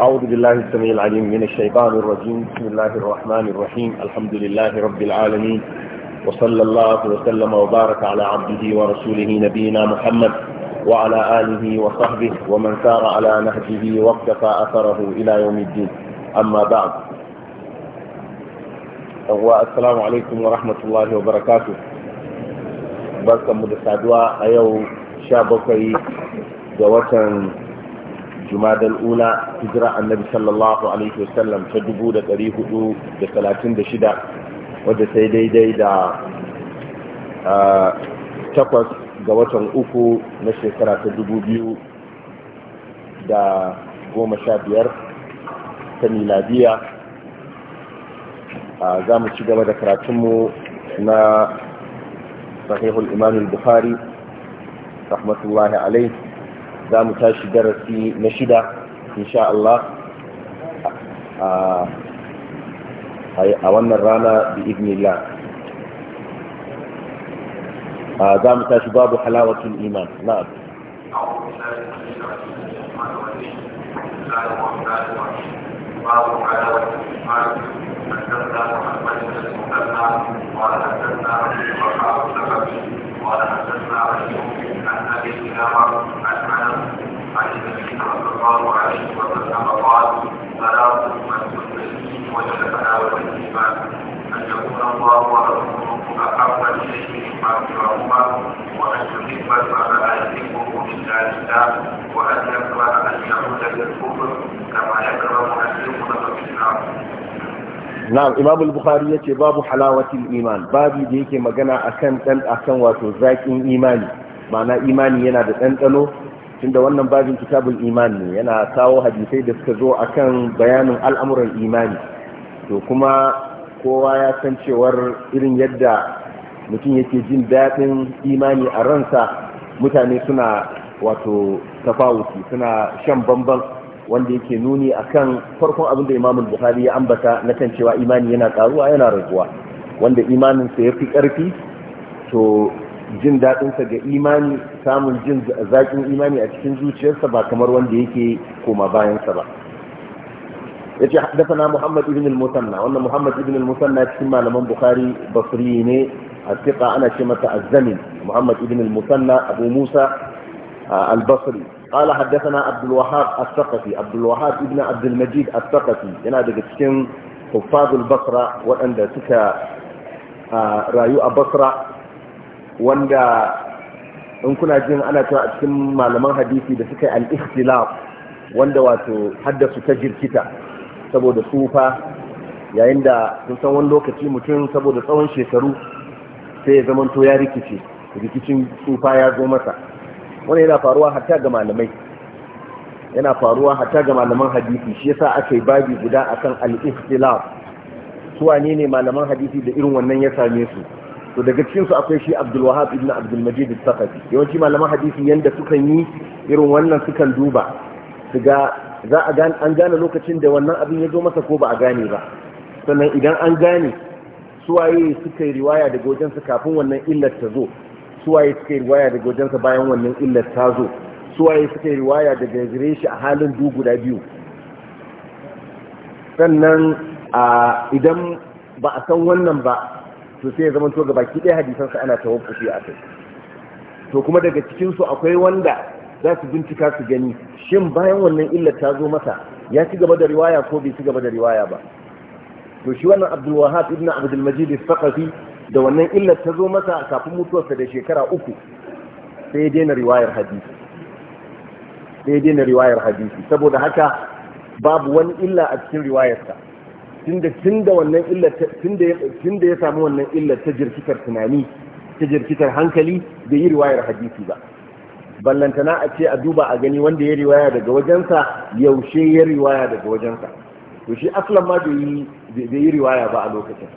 أعوذ بالله السميع العليم من الشيطان الرجيم بسم الله الرحمن الرحيم الحمد لله رب العالمين وصلى الله وسلم وبارك على عبده ورسوله نبينا محمد وعلى آله وصحبه ومن سار على نهجه واقتفى أثره إلى يوم الدين أما بعد السلام عليكم ورحمة الله وبركاته بركة مدسادوا أيو شابكي جواتن jumadal ula hijira annabi sallallahu alaihi wasallam ta dubu da shida, wadda sai daidai da takwas ga watan uku na shekara ta dubu biyu da goma sha biyar ta miladiya za mu ci gaba da karatunmu na sahihul imam Buhari, bukhari rahmatullahi alaihi za mu tashi darasi na shida insha Allah a wannan rana bi ibnillah za mu tashi babu halawatul iman na'am باب حلاوة الإيمان حدثنا محمد بن المثنى قال حدثنا عن المرأة قال حدثنا علي عن ابي كلابه عن عن النبي صلى الله عليه وسلم قال ثلاث مسجد وجدنا والايمان ان يكون الله ورسوله احب اليه مما سواهما وان يحب المرء يحبه الا لله وان يكره ان يعود للكفر كما يكره ان يغلب في النار na'am imam al-bukhari yace babu halawatil iman babu da yake magana akan dan akan wato zakin imani ma'ana imani yana da ɗanɗano tunda wannan babin kitabul iman ne yana kawo hadisai da suka zo akan bayanin al'amuran imani to kuma kowa ya san cewar irin yadda mutum yake jin daɗin imani a ransa mutane suna wato tafawuki suna shan bamban wanda yake nuni akan farkon abin da Imam Bukhari ya ambata na kan cewa imani yana karuwa yana raguwa wanda imanin sa yafi karfi to jin dadin sa ga imani samun jin zaƙin imani a cikin zuciyarsa ba kamar wanda yake koma bayan sa ba yace dafa Muhammad ibn al-Musanna wannan Muhammad ibn al-Musanna cikin malaman Bukhari Basri ne a ana ce mata az-Zamin Muhammad ibn al-Musanna Abu Musa al-Basri قال حدثنا عبد الوهاب الثقفي عبد الوهاب ابن عبد المجيد الثقفي yana daga cikin حفاظ البصرة waɗanda suka rayu a Basra wanda in kuna ana cewa a cikin malaman hadisi da suka yi al-ikhtilaf wanda wato haddasu ta jirkita saboda tsufa yayin da sun san wani lokaci mutum saboda tsawon shekaru sai ya zamanto ya rikice rikicin tsufa ya zo masa wani yana faruwa hatta ga malamai yana faruwa hatta ga malaman hadisi shi yasa aka yi babi guda akan al-ikhtilaf su wane ne malaman hadisi da irin wannan ya same su to daga cikin su akwai shi Abdul Wahhab ibn Abdul Majid al-Thaqafi yawanci malaman hadisi yanda suka yi irin wannan sukan duba su ga za a gane an gane lokacin da wannan abin ya zo masa ko ba a gane ba sannan idan an gane suwaye suka yi riwaya daga wajen su kafin wannan illar ta zo suwaye suka yi riwaya daga wajensa bayan wannan illar ta zo suwaye suka yi riwaya daga gare shi a halin du guda biyu sannan idan ba a san wannan ba to sai ya zama to baki ɗaya hadisansa ana tawakkufi a kai to kuma daga cikinsu akwai wanda za su bincika su gani shin bayan wannan illar ta zo masa ya ci gaba da riwaya ko bai ci gaba da riwaya ba to shi wannan abdul wahab ibn abdul majid al da wannan illar ta zo masa kafin mutuwarsa da shekara uku sai ya daina riwayar hadisi sai ya daina riwayar hadisi saboda haka babu wani illa a cikin riwayarsa tun da ya samu wannan illar ta jirkitar tunani ta jirkitar hankali bai yi riwayar hadisi ba ballantana a ce a duba a gani wanda ya riwaya daga wajensa yaushe ya riwaya daga wajensa to shi aslan ma bai yi riwaya ba a lokacin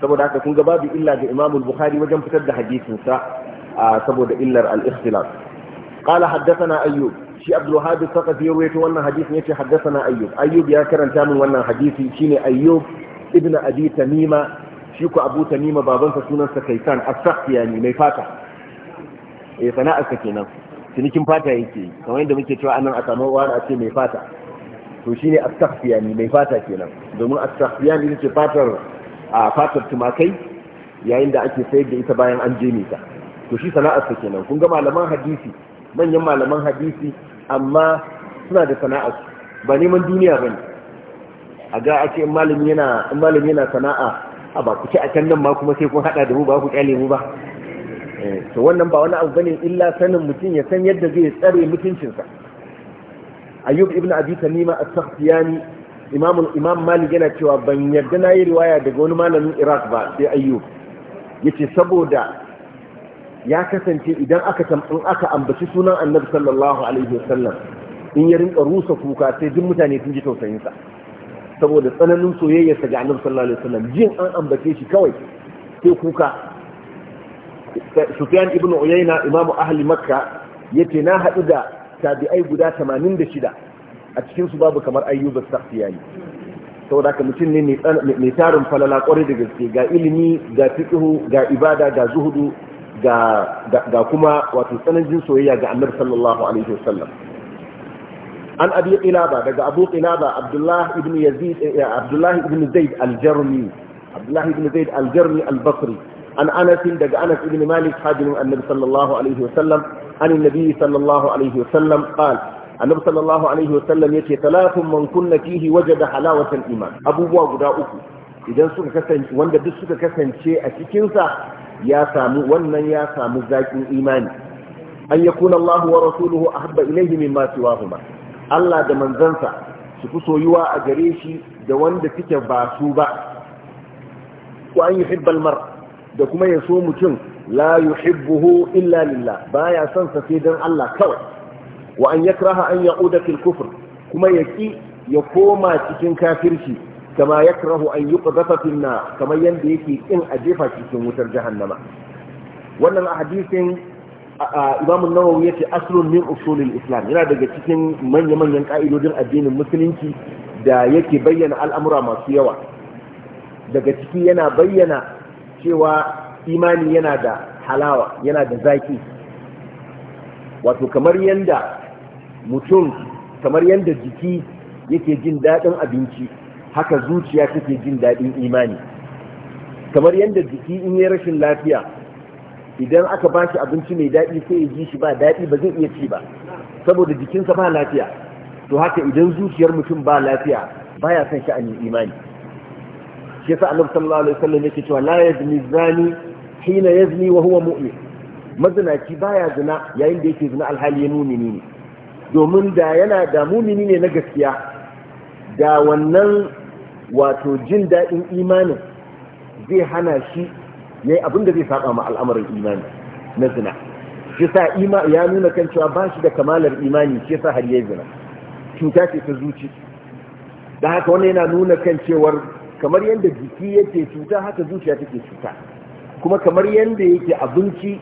saboda haka kun ga babu illa ga Imam al-Bukhari wajen fitar da hadisin sa saboda illar al-ikhtilaf qala haddathana ayyub shi Abdul Wahhab al-Thaqafi rawaito wannan hadisin yace haddathana ayyub ayyub ya karanta min wannan hadisi shine ayyub ibn abi tamima shi ku abu tamima babansa sunansa kaisan as-sakhtiyani mai fata eh sana'arsa kenan cinikin fata yake kamar yadda muke cewa anan a samu wani a ce mai fata to shine as-sakhtiyani mai fata kenan domin as-sakhtiyani ita fatar a fatar tumakai yayin da ake sayar da ita bayan an je ta to shi sana'ar ta kenan kun ga malaman hadisi manyan malaman hadisi amma suna da sana'ar ba neman duniya ba ne a ga ake in malami yana in malami yana sana'a a ba ku ci a can nan ma kuma sai kun hada da mu ba ku kyale mu ba eh, to wannan ba wani abu bane illa sanin mutum ya san yadda zai tsare mutuncinsa ayyub ibn abi tamima as-sakhtiyani imam imam malik yana cewa ban yarda na yi riwaya daga wani malamin iraq ba sai ayyub yace saboda ya kasance idan aka tambun aka ambaci sunan annabi sallallahu alaihi wasallam in ya rinka rusa kuka sai duk mutane sun ji tausayin sa saboda tsananin soyayyarsa ga annabi sallallahu alaihi wasallam jin an ambace shi kawai sai kuka Sufyan ibn Uyayna imamu ahli Makka yace na hadu da tabi'ai guda 86 a cikin su babu kamar ayyuba ne saboda da mutum ne mai tarin falala kwarai da gaske ga ilimi ga fiqhu ga ibada ga zuhudu ga kuma wato tsananin soyayya ga annabi sallallahu alaihi wasallam an abi qilaba daga abu qilaba abdullah ibn yazid eh, eh, abdullah ibn zaid al-jarmi abdullah ibn zaid al-jarmi al-basri an anas daga anas ibn malik hadin annabi sallallahu alaihi wasallam an annabi sallallahu alaihi wasallam qala annabi sallallahu alaihi wasallam yace talatun man kunna fihi wajada halawatal iman abubuwa guda uku idan suka kasance wanda duk suka kasance a cikin sa ya samu wannan ya samu zakin imani an yakuna Allah wa rasuluhu ahabba ilayhi mimma siwahuma Allah da manzansa su fi soyuwa a gare shi da wanda suke ba su ba ko an yuhibba almar da kuma ya so mutum la yuhibbuhu illa lillah baya son sa sai dan Allah kawai wa an yakraha an ya'uda fil kufr kuma yaki ya koma cikin kafirci kama yakrahu an yuqdafa fil nar kamar yanda yake kin a jefa cikin wutar jahannama wannan hadisin Imam an-Nawawi yace aslun min usulil islam yana daga cikin manya-manyan ka'idodin addinin musulunci da yake bayyana al'amura masu yawa daga ciki yana bayyana cewa imani yana da halawa yana da zaki wato kamar yanda mutum kamar yadda jiki yake jin daɗin abinci haka zuciya take jin daɗin imani kamar yadda jiki in yi rashin lafiya idan aka ba shi abinci mai daɗi sai ya ji shi ba daɗi ba zai iya ci ba saboda jikinsa ba lafiya to haka idan zuciyar mutum ba lafiya baya son sha'anin imani shi yasa annabi sallallahu alaihi wasallam yake cewa la yazni zani hina yazni wa huwa mu'min mazinaci baya zina yayin da yake zina alhali ya mumini ne domin da yana da mumini ne na gaskiya da wannan wato jin daɗin imanin zai hana shi ya yi abin zai saba ma al'amarin imani na zina shi sa ima ya nuna kan cewa ba shi da kamalar imani shi sa har ya zina cuta ce ta zuci da haka wani yana nuna kan cewar kamar yadda jiki yake cuta haka zuciya take cuta kuma kamar yadda yake abinci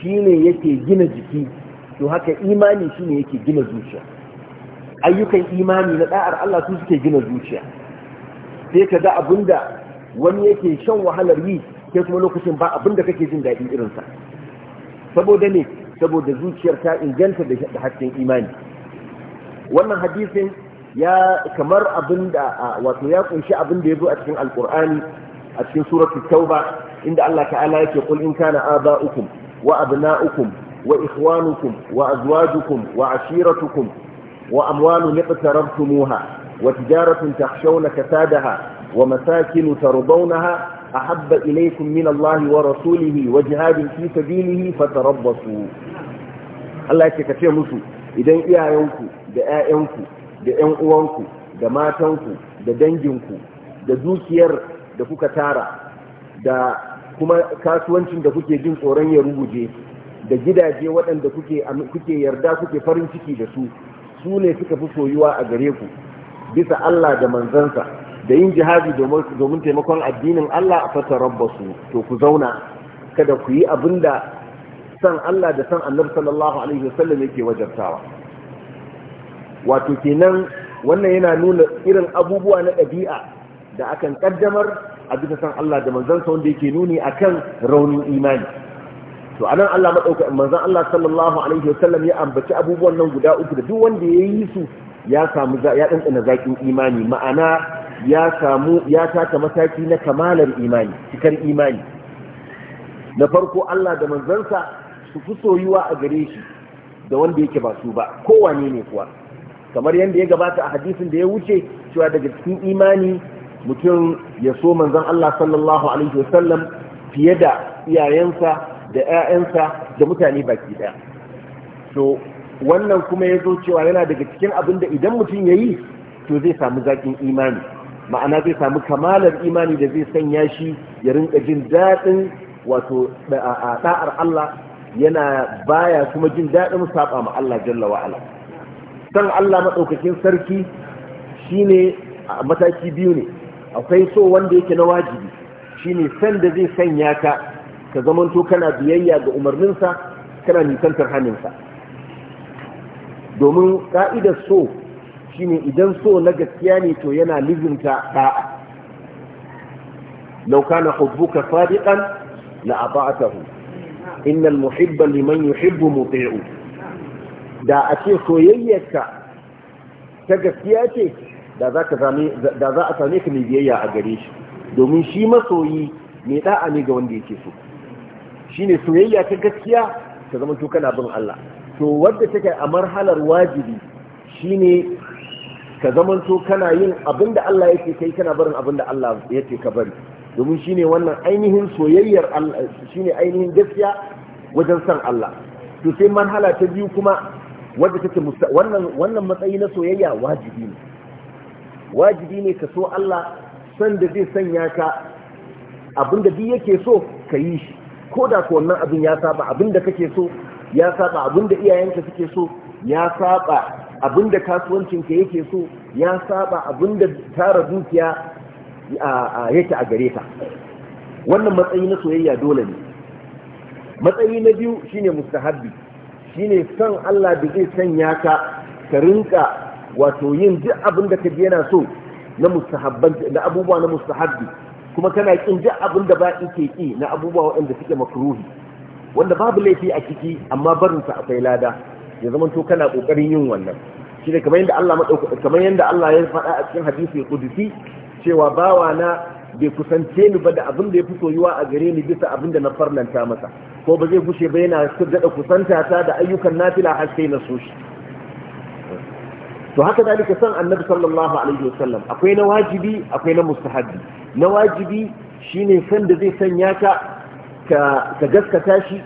shine yake gina jiki to haka imani shine yake gina zuciya ayyukan imani na da'ar Allah su suke gina zuciya sai ka ga abinda wani yake shan wahalar yi sai kuma lokacin ba abinda kake jin daɗi irinsa saboda ne saboda zuciyar ta inganta da hasken imani wannan hadisin ya kamar abinda wato ya kunshi abinda ya zo a cikin alkur'ani a cikin suratul tauba inda Allah ta'ala yake kul in kana aba'ukum wa abna'ukum وإخوانكم وأزواجكم وعشيرتكم وأموال اقتربتموها وتجارة تخشون كسادها ومساكن ترضونها أحب إليكم من الله ورسوله وجهاد في سبيله فتربصوا الله يتكفي مسو إذن إيايانكو دآيانكو دآيانكو دماتانكو ددنجنكو دوكير دفوكتارا da kuma kasuwancin da kuke jin tsoron ya ruguje da gidaje waɗanda kuke yarda kuke farin ciki da su su ne suka fi soyuwa a gare ku bisa Allah da manzansa da yin jihadi domin taimakon addinin Allah a fata rabbasu to ku zauna kada ku yi abin da san Allah da san annabi sallallahu alaihi wasallam yake wajartawa wato kenan wannan yana nuna irin abubuwa na ɗabi'a da akan ƙaddamar a bisa san Allah da manzansa wanda yake nuni akan raunin imani to anan Allah madauka manzon Allah sallallahu alaihi wasallam ya ambaci abubuwan nan guda uku da duk wanda ya yi su ya samu ya dantsa zakin imani ma'ana ya samu ya taka mataki na kamalar imani cikar imani na farko Allah da manzansa su fi soyuwa a gare shi da wanda yake ba su ba kowane ne kuwa kamar yadda ya gabata a hadisin da ya wuce cewa daga cikin imani mutum ya so manzon Allah sallallahu alaihi wasallam fiye da iyayensa da 'ya'yansa da mutane baki ɗaya so wannan kuma ya zo cewa yana daga cikin abin da idan mutum ya yi to zai samu zaƙin imani ma'ana zai samu kamalar imani da zai sanya shi ya rinka jin daɗin wato ɗa'ar Allah yana baya kuma jin daɗin saɓa ma Allah jalla wa'ala san Allah maɗaukakin sarki shine mataki biyu ne akwai so wanda yake na wajibi shine san da zai sanya ka ka zamanto kana biyayya ga umarninsa kana nisantar hannunsa domin ka'idar so shine idan so na gaskiya ne to yana lizinta da'a law kana hubbuka sadiqan la ata'atahu innal muhibba liman yuhibbu muti'u da a ce soyayyarka ta gaskiya ce da za a same ka mai biyayya a gare shi domin shi masoyi mai da'a ne ga wanda yake so Shi ne soyayya ta gaskiya ta zama to kana bin Allah to wadda take a marhalar wajibi shi ne ka zama to kana yin abin da Allah yake kai kana barin abin da Allah yake ka bari domin shi ne wannan ainihin soyayyar Allah Shi ne ainihin gaskiya wajen san Allah to sai marhala ta biyu kuma wadda take wannan wannan matsayi na soyayya wajibi ne wajibi ne ka so Allah san da zai sanya ka abin da biyu yake so ka yi shi ko da ko wannan abin ya saba abin da kake so ya saba abin da iyayenka suke so ya saba abin da kasuwancinka yake so ya saba abin da tara dukiya yake a gare ka wannan matsayi na soyayya dole ne matsayi na biyu shine mustahabbi shine son Allah da zai sanya ka ka rinka wato yin duk abin da ka yana so na mustahabban da abubuwa na mustahabbi kuma kana kin duk abin da baki ke ki na abubuwa waɗanda suke makruhi wanda babu laifi a ciki amma barin sa akwai lada ya zama to kana kokarin yin wannan shi ne kamar yadda Allah kamar yadda Allah ya faɗa a cikin hadisi qudsi cewa bawa na bai kusance ni ba da abin da ya fi soyuwa a gare ni bisa abin da na farlanta masa ko ba zai fushe ba yana daɗa kusanta ta da ayyukan nafila har sai na so shi to haka dalika san annabi sallallahu alaihi wasallam akwai na wajibi akwai na mustahabbi na wajibi shine san da zai sanya ka ka gaskata shi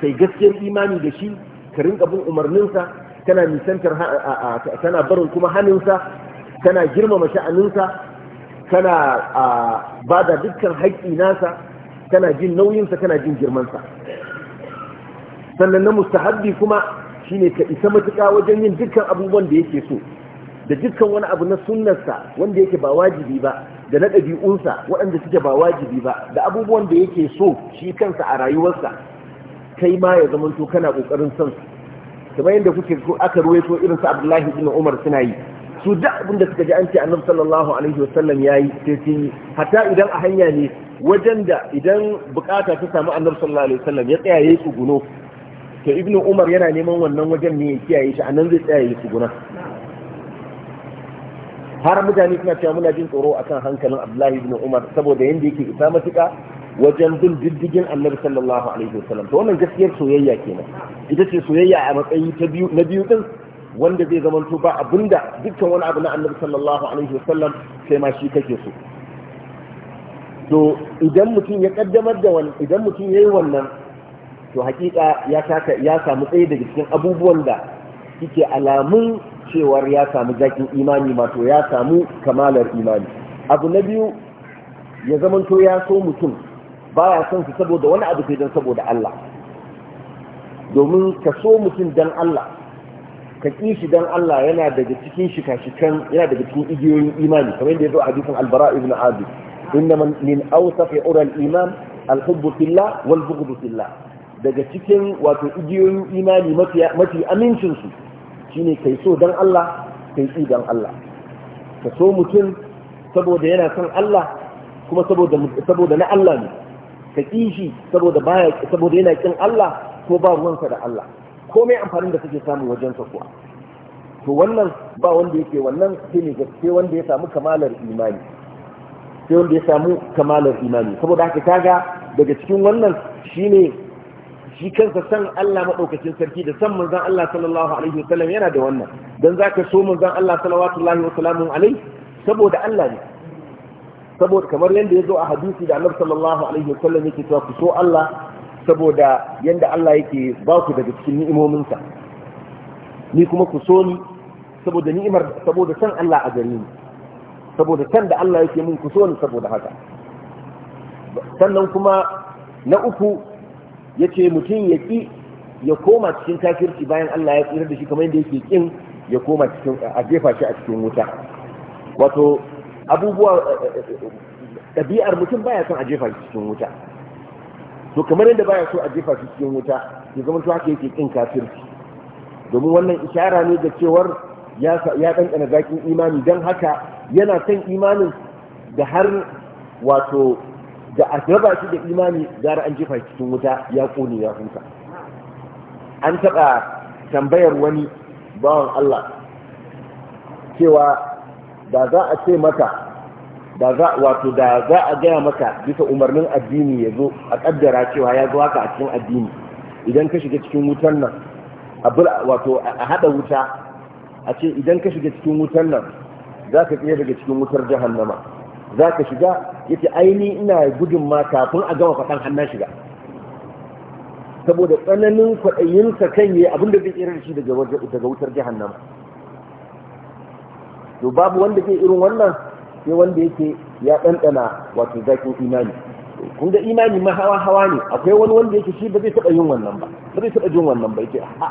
kai gaskiyar imani da shi ka rinka bin umarninsa kana nisantar kana barin kuma hannunsa kana girmama sha'aninsa kana ba da dukkan haƙƙi nasa kana jin nauyinsa kana jin girmansa sannan na mustahabbi kuma shine ka isa matuƙa wajen yin dukkan abubuwan da yake so da dukkan wani abu na sunnarsa wanda yake ba wajibi ba da na ɗabi'unsa waɗanda suke ba wajibi ba da abubuwan da yake so shi kansa a rayuwarsa kai ma ya zama to kana ƙoƙarin son su kamar yadda kuke so aka ruwaito irin su Abdullahi ibn Umar suna yi su da abin da suka ji an ce Annabi sallallahu alaihi wasallam yayi sai sun yi hatta idan a hanya ne wajen da idan bukata ta samu Annabi sallallahu alaihi wasallam ya tsaya yayi tsuguno to Ibn Umar yana neman wannan wajen ne ya kiyaye shi anan zai tsaya yayi tsuguna har mutane suna cewa muna jin tsoro akan hankalin Abdullahi ibn Umar saboda yanda yake isa matuƙa wajen bin diddigin Annabi sallallahu alaihi wasallam to wannan gaskiyar soyayya kenan ita ce soyayya a matsayi ta biyu na biyu din wanda zai zama ba abinda dukkan wani abu na Annabi sallallahu alaihi wasallam sai ma shi kake so to idan mutum ya kaddamar da wannan idan mutum yayi wannan to hakika ya ya samu tsaye daga cikin abubuwan da suke alamun cewar ya samu zakin imani mato ya samu kamalar imani abu na biyu ya zamanto ya so mutum baya son su saboda wani abu ke don saboda Allah domin ka so mutum don Allah ka ƙi shi don Allah yana daga cikin shika-shikan yana daga cikin igiyoyin imani kamar yadda ya zo a hadisin albara ibn azib inna min awsaf ural iman alhubbu fillah wal bughdu fillah daga cikin wato igiyoyin imani mafi amincinsu. shine kai so dan Allah kai tsi dan Allah ka so mutum saboda yana son Allah kuma saboda na Allah ne ka ƙi shi saboda yana ƙin Allah ko ba ruwansa da Allah komai amfanin da kake samu wajen sa kuwa to wannan ba wanda yake wannan sai ne wanda ya samu kamalar imani sai wanda ya samu kamalar imani saboda haka kaga daga cikin wannan shine shi kansa san Allah maɗaukacin sarki da san manzon Allah sallallahu alaihi wa wasallam yana da wannan dan zaka so manzon Allah sallallahu alaihi wasallam alai saboda Allah ne saboda kamar yanda yazo a hadisi da Annabi sallallahu alaihi wa wasallam yake cewa ku so Allah saboda yanda Allah yake ba ku daga cikin ni'imominsa ni kuma ku so ni saboda ni'imar saboda san Allah a gare ni saboda san da Allah yake mun ku so ni saboda haka sannan kuma na uku ya ce mutum ya ƙi ya koma cikin kafirci bayan Allah ya tsira da shi kamar yadda yake ƙin ya koma cikin a jefa shi a cikin wuta wato abubuwa eh, eh, ɗabi'ar mutum baya son a jefa shi cikin wuta to kamar yadda baya so a jefa shi cikin wuta ya zama to haka yake ƙin kafirci domin wannan ishara ne da cewar ya ɗanɗana zaƙin imani don haka yana son imanin da har wato da a raba shi da imani gara an jefa cikin wuta ya kone ya huta an taɓa tambayar wani bawan Allah cewa da za a ce maka da za wato da za a gaya maka bisa umarnin addini ya zo a ƙaddara cewa ya zo haka a cikin addini idan ka shiga cikin wutan nan wato a hada wuta a ce idan ka shiga cikin wutan nan za ka tsaye daga cikin wutar jihar nama. za ka shiga ya ce aini ina gudun ma kafin a gama faɗan hannun shiga saboda tsananin kwaɗayinsa kan yi abinda zai tsere shi daga wutar jihannan to babu wanda ke irin wannan sai wanda yake ya ɗanɗana wato zaƙin imani kun ga imani ma hawa hawa ne akwai wani wanda yake shi ba zai taɓa yin wannan ba ba zai taɓa yin wannan ba yake a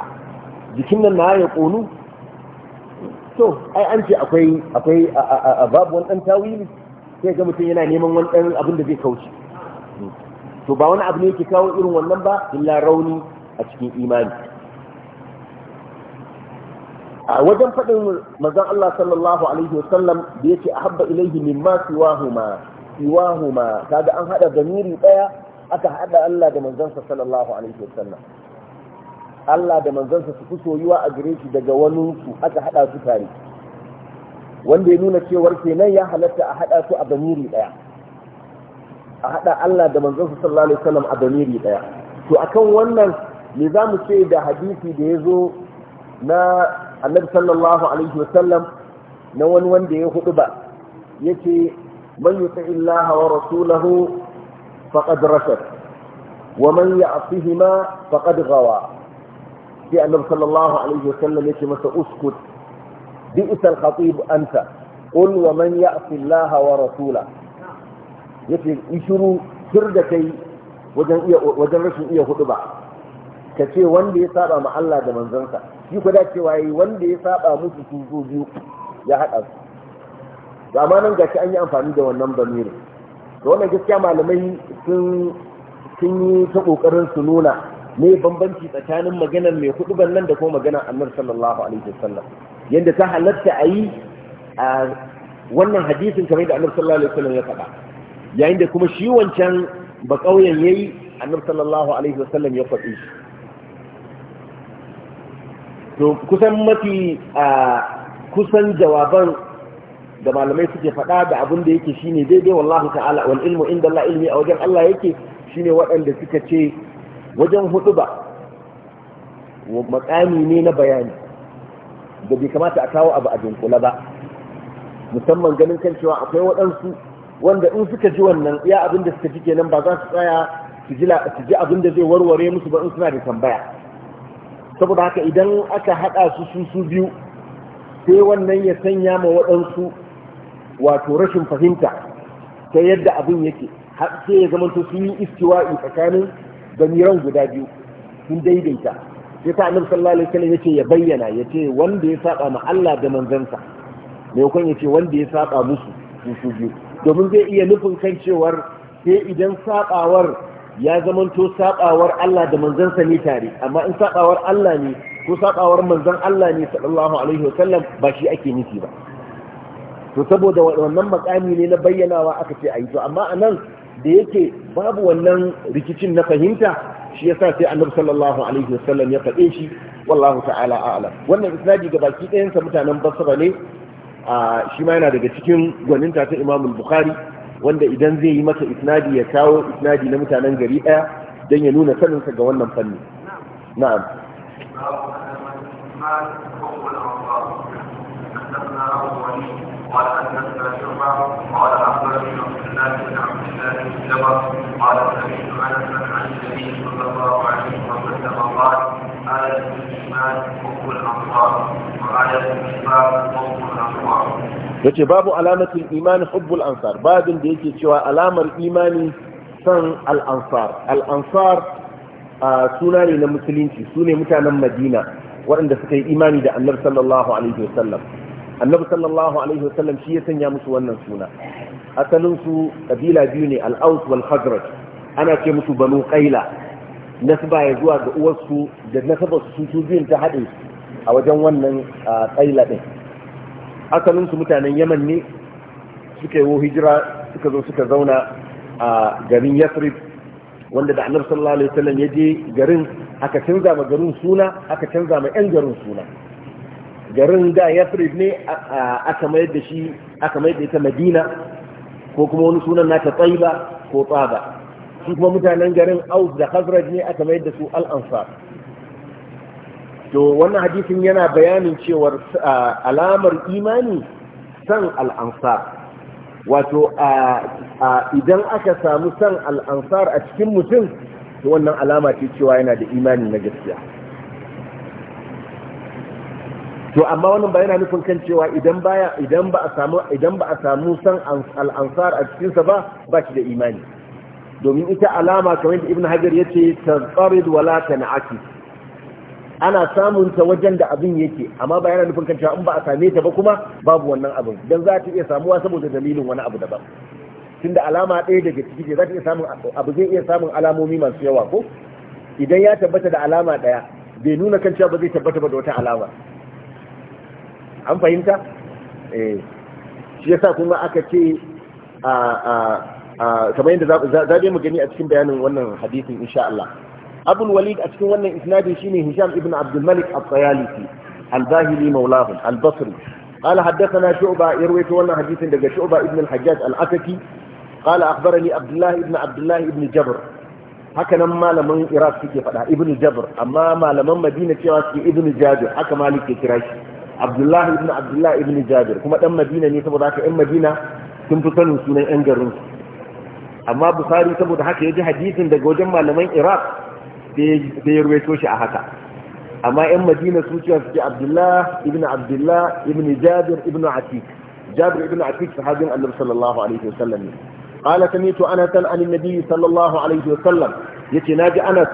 jikin nan na ya ƙonu to ai an ce akwai akwai babu wani ɗan tawili sai ga mutum yana neman wani ɗan abin da zai kauce to ba wani abu ne yake kawo irin wannan ba illa rauni a cikin imani a wajen faɗin mazan Allah sallallahu alaihi wasallam da yake Habba ilaihi mimma siwahuma siwahuma kaga an haɗa zamiri ɗaya aka haɗa Allah da manzon sa sallallahu alaihi wasallam Allah da manzon sa su fi soyuwa a gare shi daga wani su aka haɗa su tare wanda ya nuna cewar kenan ya halatta a hada su a damiri daya a hada Allah da manzon sa sallallahu alaihi wasallam a damiri daya to akan wannan me zamu ce da hadisi da yazo na annabi sallallahu alaihi wasallam na wani wanda ya hudu ba yace man yuti illaha wa rasulahu faqad rashad wa man ya'tihima faqad ghawa sai annabi sallallahu alaihi wasallam yace masa uskut بئس الخطيب أنت قل ومن يعصي الله ورسوله yace in shiru tur kai wajen iya wajen rashin iya hudu ba ka ce wanda ya saba ma Allah da manzansa shi ku da cewa yi wanda ya saba musu su su biyu ya hada su zama nan gashi an yi amfani da wannan bamiri da wannan gaskiya malamai sun sun yi ta kokarin su nuna ne bambanci tsakanin maganar mai hudu nan da kuma maganar annabi sallallahu alaihi wasallam Yanda ta halatta a yi a wannan hadisin kamar da annabi sallallahu alaihi wasallam ya faɗa yayin da kuma shi wancan ba ƙauyen yayi annabi sallallahu alaihi wasallam ya faɗi to kusan mafi a kusan jawaban da malamai suke faɗa da abin da yake shine daidai wallahi ta'ala wal ilmu inda Allah ilmi a wajen Allah yake shine waɗanda suka ce wajen hudu ba makami ne na bayani da bai kamata a kawo abu a dunkula ba musamman ganin kan cewa akwai waɗansu wanda in suka ji wannan iya abin da suka ji kenan ba za su tsaya su ji abin da zai warware musu ba in suna da tambaya saboda haka idan aka haɗa su su su biyu sai wannan ya sanya ma waɗansu wato rashin fahimta ta yadda abin yake sai ya zamanto sun yi istiwa'i tsakanin gamiran guda biyu sun daidaita ta annabi sallallahu alaihi yake ya bayyana yace wanda ya saba ma Allah da manzansa mai kun yace wanda ya saba musu su su biyu domin zai iya nufin kan cewar sai idan sabawar ya zamanto sabawar Allah da manzansa ne tare amma in sabawar Allah ne ko sabawar manzan Allah ne sallallahu alaihi wasallam ba shi ake nufi ba to saboda wannan makami ne na bayyanawa aka ce ayi to amma anan da yake babu wannan rikicin na fahimta shi yasa sai annabi sallallahu alaihi wasallam ya faɗe shi wallahu ta'ala a'lam wannan isnadi ga baki ɗayan sa mutanen basra ne a shi ma yana daga cikin gwaninta ta imamu bukhari wanda idan zai yi masa isnadi ya kawo isnadi na mutanen gari ɗaya don ya nuna saninsa ga wannan fanni na'am Na'am. قال حدثنا شعبة قال أخبرني عبد الله بن عبد الله بن جبر قال سمعت أنس عن النبي صلى الله عليه وسلم قال آية الإيمان حب الأنصار وآية الإنفاق حب الأنصار yace babu alamatin imani hubbul ansar babin da yake cewa alamar imani san al'ansar. Al'ansar suna ne na musulunci su ne mutanen madina waɗanda suka yi imani da annabi sallallahu alaihi wasallam annabi sallallahu alaihi wasallam shi ya sanya musu wannan suna asalin su kabila biyu ne al-aus wal khazraj ana ce musu banu qaila nasba ya zuwa ga uwarsu da nasaba su su biyun ta hade a wajen wannan qaila din asalin su mutanen yaman ne suka yi hijira suka zo suka zauna a garin yasrib wanda da annabi sallallahu alaihi wasallam ya je garin aka canza ma garin suna aka canza ma yan garin suna garin da yathrib ne aka mayar da shi aka mayar da ita madina ko kuma wani sunan nata tsaiba ko tsaba su kuma mutanen garin aus da khazraj ne aka mayar da su al to wannan hadisin yana bayanin cewar alamar imani san al'ansa wato idan aka samu san al'ansar a cikin mutum to wannan alama ce cewa yana da imani na gaskiya to amma wannan ba yana nufin kan cewa idan baya idan ba a samu idan ba a samu san al-ansar a cikin sa ba ba shi da imani domin ita alama kamar da ibnu hajar yace tazarid wala tanaki ana samun ta wajen da abin yake amma ba yana nufin kan cewa in ba a same ta ba kuma babu wannan abin dan za ta iya samuwa saboda dalilin wani abu daban tunda alama ɗaya daga ciki ce za ta iya samun abu zai iya samun alamomi masu yawa ko idan ya tabbata da alama ɗaya bai nuna kan cewa ba zai tabbata ba da wata alama an fahimta eh. shi yasa kuma aka ce a a kamar yadda za mu gani a cikin bayanin wannan hadisin insha Allah Abul Walid a cikin wannan isnadi shine Hisham ibn Abdul Malik al-Tayalisi al-Bahili mawlahum al-Basri قال حدثنا شعبة يروي تولى حديث دقى شعبة ابن الحجاج الأتكي قال أخبرني عبد الله ابن عبد الله ابن جبر هكذا ما لمن إراك فيك فلا ابن جبر أما ما لمن مدينة فيك ابن جابر هكذا مالك كراش abdullahi ibn abdullahi ibn jabir kuma dan madina ne saboda haka yan madina sun fi sanin sunan yan garin su amma bukhari saboda haka ya ji hadisin daga wajen malaman iraq sai ya ruwaito shi a haka amma yan madina su cewa suke abdullahi ibn abdullahi ibn jabir ibn atik jabir ibn atik sahabin annabi sallallahu alaihi wasallam ne qala sami'tu anas an annabi sallallahu alaihi wasallam yace naji anas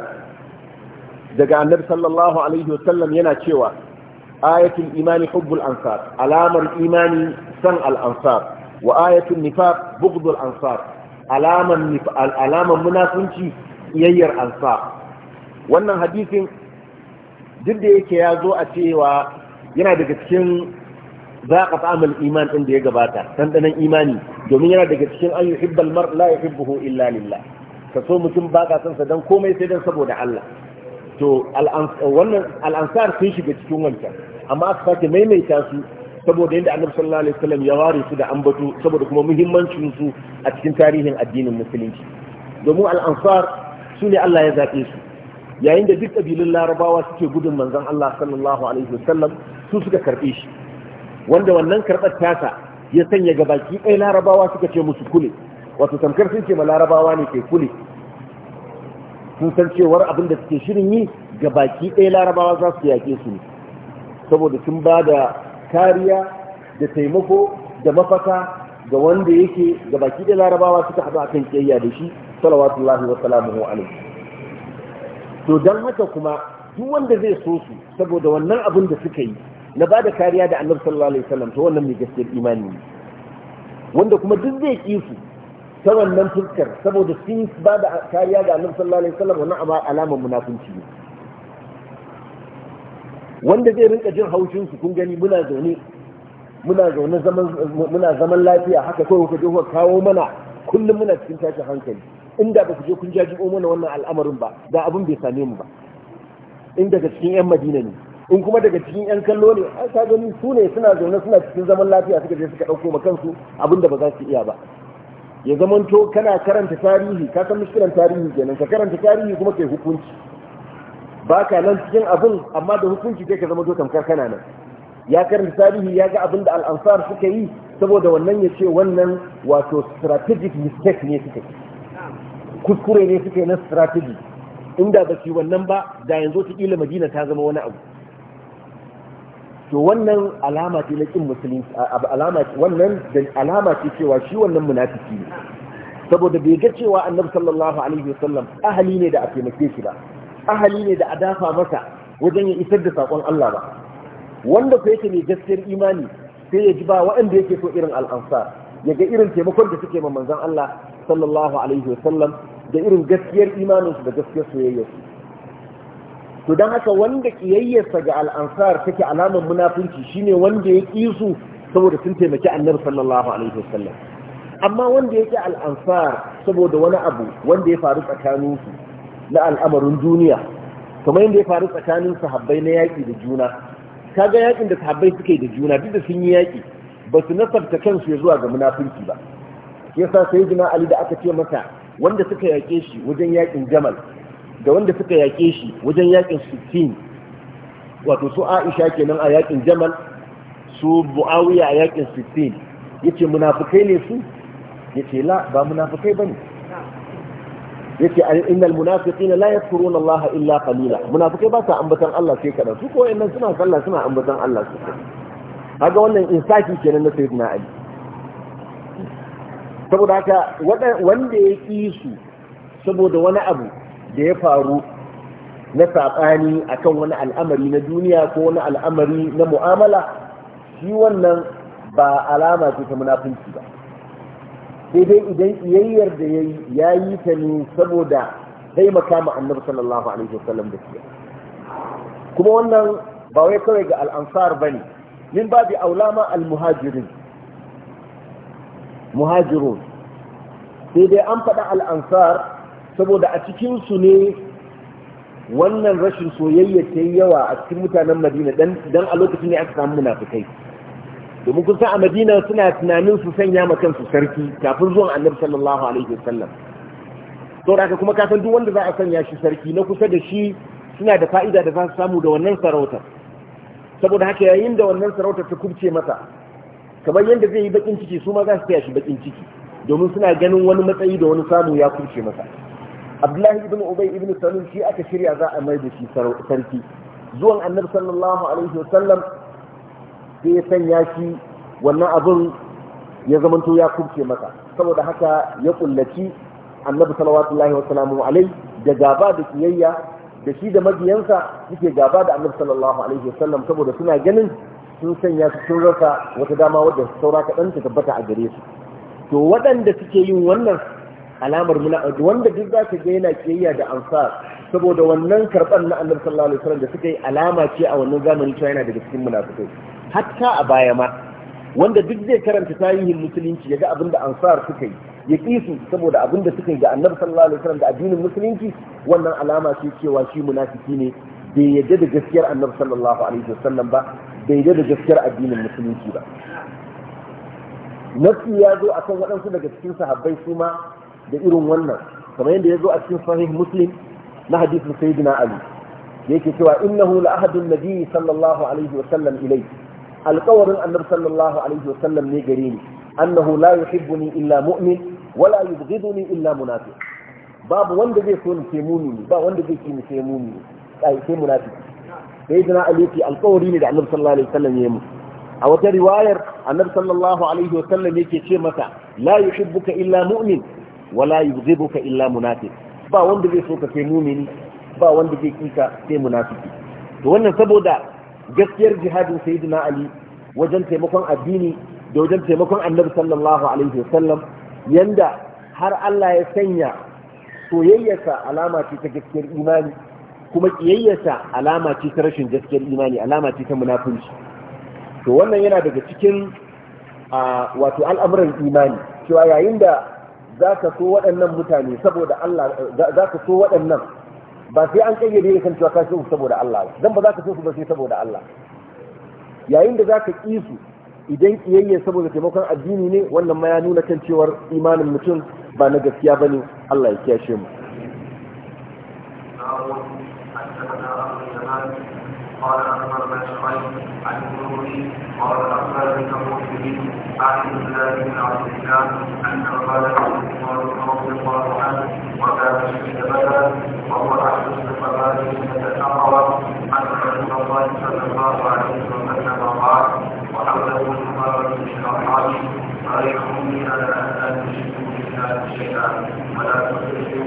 daga annabi sallallahu alaihi wasallam yana cewa ayatul imani hubbul ansar alamar imani san al ansar wa ayatul nifaq bughdul ansar alaman munafunci iyayyar ansa. wannan hadisin duk da yake ya zo a cewa yana daga cikin za ka samun iman ɗin da ya gabata ɗanɗanon imani domin yana daga cikin an yuhibbal mar la yuhibbuhu illa lillah ka so mutum ba ka san sa dan komai sai dan saboda Allah to wannan al'ansar sun shiga cikin wancan amma aka sake maimaita su saboda yadda annabi sallallahu alaihi wasallam ya ware su da ambato saboda kuma muhimmancin su a cikin tarihin addinin musulunci domin al-ansar su ne Allah ya zaɓe su yayin da duk kabilun larabawa suke gudun manzon Allah sallallahu alaihi wasallam su suka karɓe shi wanda wannan karɓar tasa ya sanya baki ɗaya larabawa suka ce musu kule wato tamkar sun ce ma larabawa ne ke kule sun san cewar abin da suke shirin yi ga baki ɗaya larabawa za su yaƙe su ne saboda sun ba da kariya da taimako da mafaka ga wanda yake ga baki da larabawa suka haɗu akan kiyayya da shi salawatullahi wa salamuhu alaihi to dan haka kuma duk wanda zai so su saboda wannan abin da suka yi na ba da kariya da annabi sallallahu alaihi wasallam to wannan mai gaskiyar imani ne wanda kuma duk zai ki su ta wannan fuskar saboda sun ba da kariya ga annabi sallallahu alaihi wasallam wannan alama munafunci ne wanda zai rinka jin haushin su kun gani muna zaune muna zaune zaman muna zaman lafiya haka kawai kuka je kuka kawo mana kullum muna cikin tashin hankali inda ba ku je kun jajibo mana wannan al'amarin ba da abin bai same mu ba in daga cikin yan madina ne in kuma daga cikin yan kallo ne ai ka gani su ne suna zaune suna cikin zaman lafiya suka je suka ɗauko ma kansu abin da ba za su iya ba ya zamanto kana karanta tarihi ka san mushkilan tarihi kenan ka karanta tarihi kuma kai hukunci ba ka nan cikin abin amma da hukunci kai ka zama dokan tamkar nan ya karanta tarihi ya ga abin da ansar suka yi saboda wannan ya ce wannan wato strategic mistake ne suka yi kuskure ne suka yi na strategy inda ba su wannan ba da yanzu ta kila madina ta zama wani abu to wannan alama ce na kin musulunci alama ce wannan da alama ce cewa shi wannan munafiki ne saboda bai ga cewa annabi sallallahu alaihi wasallam ahli ne da a taimake shi ba ahali ne da a dafa masa wajen ya isar da saƙon Allah ba wanda ko yake mai gaskiyar imani sai ya ji ba waɗanda yake so irin al'ansar ya ga irin taimakon da suke ma manzon Allah sallallahu alaihi wasallam da irin gaskiyar imanin su da gaskiyar soyayyar su to dan haka wanda kiyayyarsa ga al'ansar take alamar munafunci shine wanda ya ki su saboda sun taimaki annabi sallallahu alaihi wasallam amma wanda yake al'ansar saboda wani abu wanda ya faru tsakaninsu na al'amarin duniya kamar yadda ya faru tsakanin sahabbai na yaƙi da juna kaga yaƙin da sahabbai suke da juna duk da sun yi yaƙi ba su nasarta kansu ya zuwa ga munafunci ba Ya sa, sai jina ali da aka ce masa wanda suka yaƙe shi wajen yaƙin jamal da wanda suka yaƙe shi wajen yaƙin sittin wato su aisha kenan a yaƙin jamal su bu'awiya a yaƙin sittin yace munafukai ne su yace la ba munafukai bane yake innal munafiqina la yadhkuruna Allah illa qalila munafikai ba sa ambatan Allah sai kadan su ko wayannan suna sallah suna ambatan Allah su kaga wannan insaki kenan na sayyidina Ali saboda haka wanda ya ki su saboda wani abu da ya faru na saɓani akan wani al'amari na duniya ko wani al'amari na mu'amala shi wannan ba alama ce ta munafunci ba sai dai idan iyayyar da ya yi ya yi ta ne saboda taimaka ma annabi sallallahu alaihi wasallam da shi kuma wannan ba wai kawai ga al'ansar ba ne min bi aulama al-muhajirin muhajirun sai dai an faɗa al'ansar saboda a cikinsu ne wannan rashin soyayya ta yawa a cikin mutanen madina dan a lokacin ne aka samu munafikai domin kusa a madina suna tunanin su sanya ma kansu sarki kafin zuwan annabi sallallahu alaihi wasallam to da kuma kasan duk wanda za a sanya shi sarki na kusa da shi suna da fa'ida da za su samu da wannan sarautar saboda haka yayin da wannan sarautar ta kubce masa kamar yadda zai yi bakin ciki su ma za su taya shi bakin ciki domin suna ganin wani matsayi da wani samu ya kubce masa abdullahi ibn ubay ibn salul shi aka shirya za a mai da shi sarki zuwan annabi sallallahu alaihi wasallam sai ya sanya shi wannan abin ya zamanto ya kubce maka saboda haka ya kullaci annabi salawatullahi wa salamu alai da gaba da kiyayya da shi da mabiyansa suke gaba da annabi sallallahu alaihi wa sallam saboda suna ganin sun sanya su sun rasa wata dama wadda saura kaɗan ta tabbata a gare su to waɗanda suke yin wannan alamar muna wanda duk za ka ga yana kiyayya da ansar saboda wannan karɓar na annabi sallallahu alaihi wa sallam da suka yi alama ce a wannan zamanin cewa yana daga cikin munafikai hatta a baya ma wanda duk zai karanta tarihin musulunci ya ga abinda ansar suka yi ya ƙi saboda abinda suka yi ga annabi sallallahu alaihi wasallam da addinin musulunci wannan alama ce cewa shi munafiki ne bai yadda da gaskiyar annabi sallallahu alaihi wasallam ba bai yadda da gaskiyar addinin musulunci ba nafsi ya zo akan waɗansu daga cikin sahabbai su ma da irin wannan kamar yadda ya zo a cikin sahih muslim na hadisin sayyidina ali yake cewa innahu la ahadun nabi sallallahu alaihi wasallam ilayhi Alƙawarin annabi sallallahu alaihi wa sallam ne gare ni annahu la yuhibbuni illa mu'min wala yubghiduni illa munafiq babu wanda zai so ni sai mumini ba wanda zai ki ni sai mumini ai sai munafiq sai dana aliki alkawari ne da annabi sallallahu alaihi wa sallam ya yi a wata riwayar annabi sallallahu alaihi wa wasallam yake ce masa la yuhibbuka illa mu'min wala yubghiduka illa munafiq ba wanda zai so ka sai mumini ba wanda zai kika sai munafiki to wannan saboda gaskiyar jihadin sayyidina ali wajen taimakon addini da wajen taimakon annabi sallallahu alaihi wasallam yanda har Allah ya sanya soyayyarsa alama ce ta gaskiyar imani kuma kiyayyarsa alama ce ta rashin gaskiyar imani alama ce ta munafunci to wannan yana daga cikin wato al'amuran imani cewa yayin da za ka so waɗannan mutane saboda Allah za ka so waɗannan ba sai an kayyade da kan cewa ka so saboda Allah ba, dan ba za ka so su ba sai saboda Allah yayin da za ka ƙi su idan kiyayye saboda taimakon addini ne wannan ma ya nuna kan cewar imanin mutum ba na gaskiya ne Allah ya kiyashe mu قال أخبر بن شعيب عن الزهري قال أخبر بن مسلم عن الله من عبد الله أن قال عمر رضي الله عنه وكان شهد بدر وهو أحد القبائل تتأمر عن رسول الله صلى الله عليه وسلم قال وحوله الحمارة من أصحابي فيحمي على أن تشركوا بالله شيئا ولا تخرجوا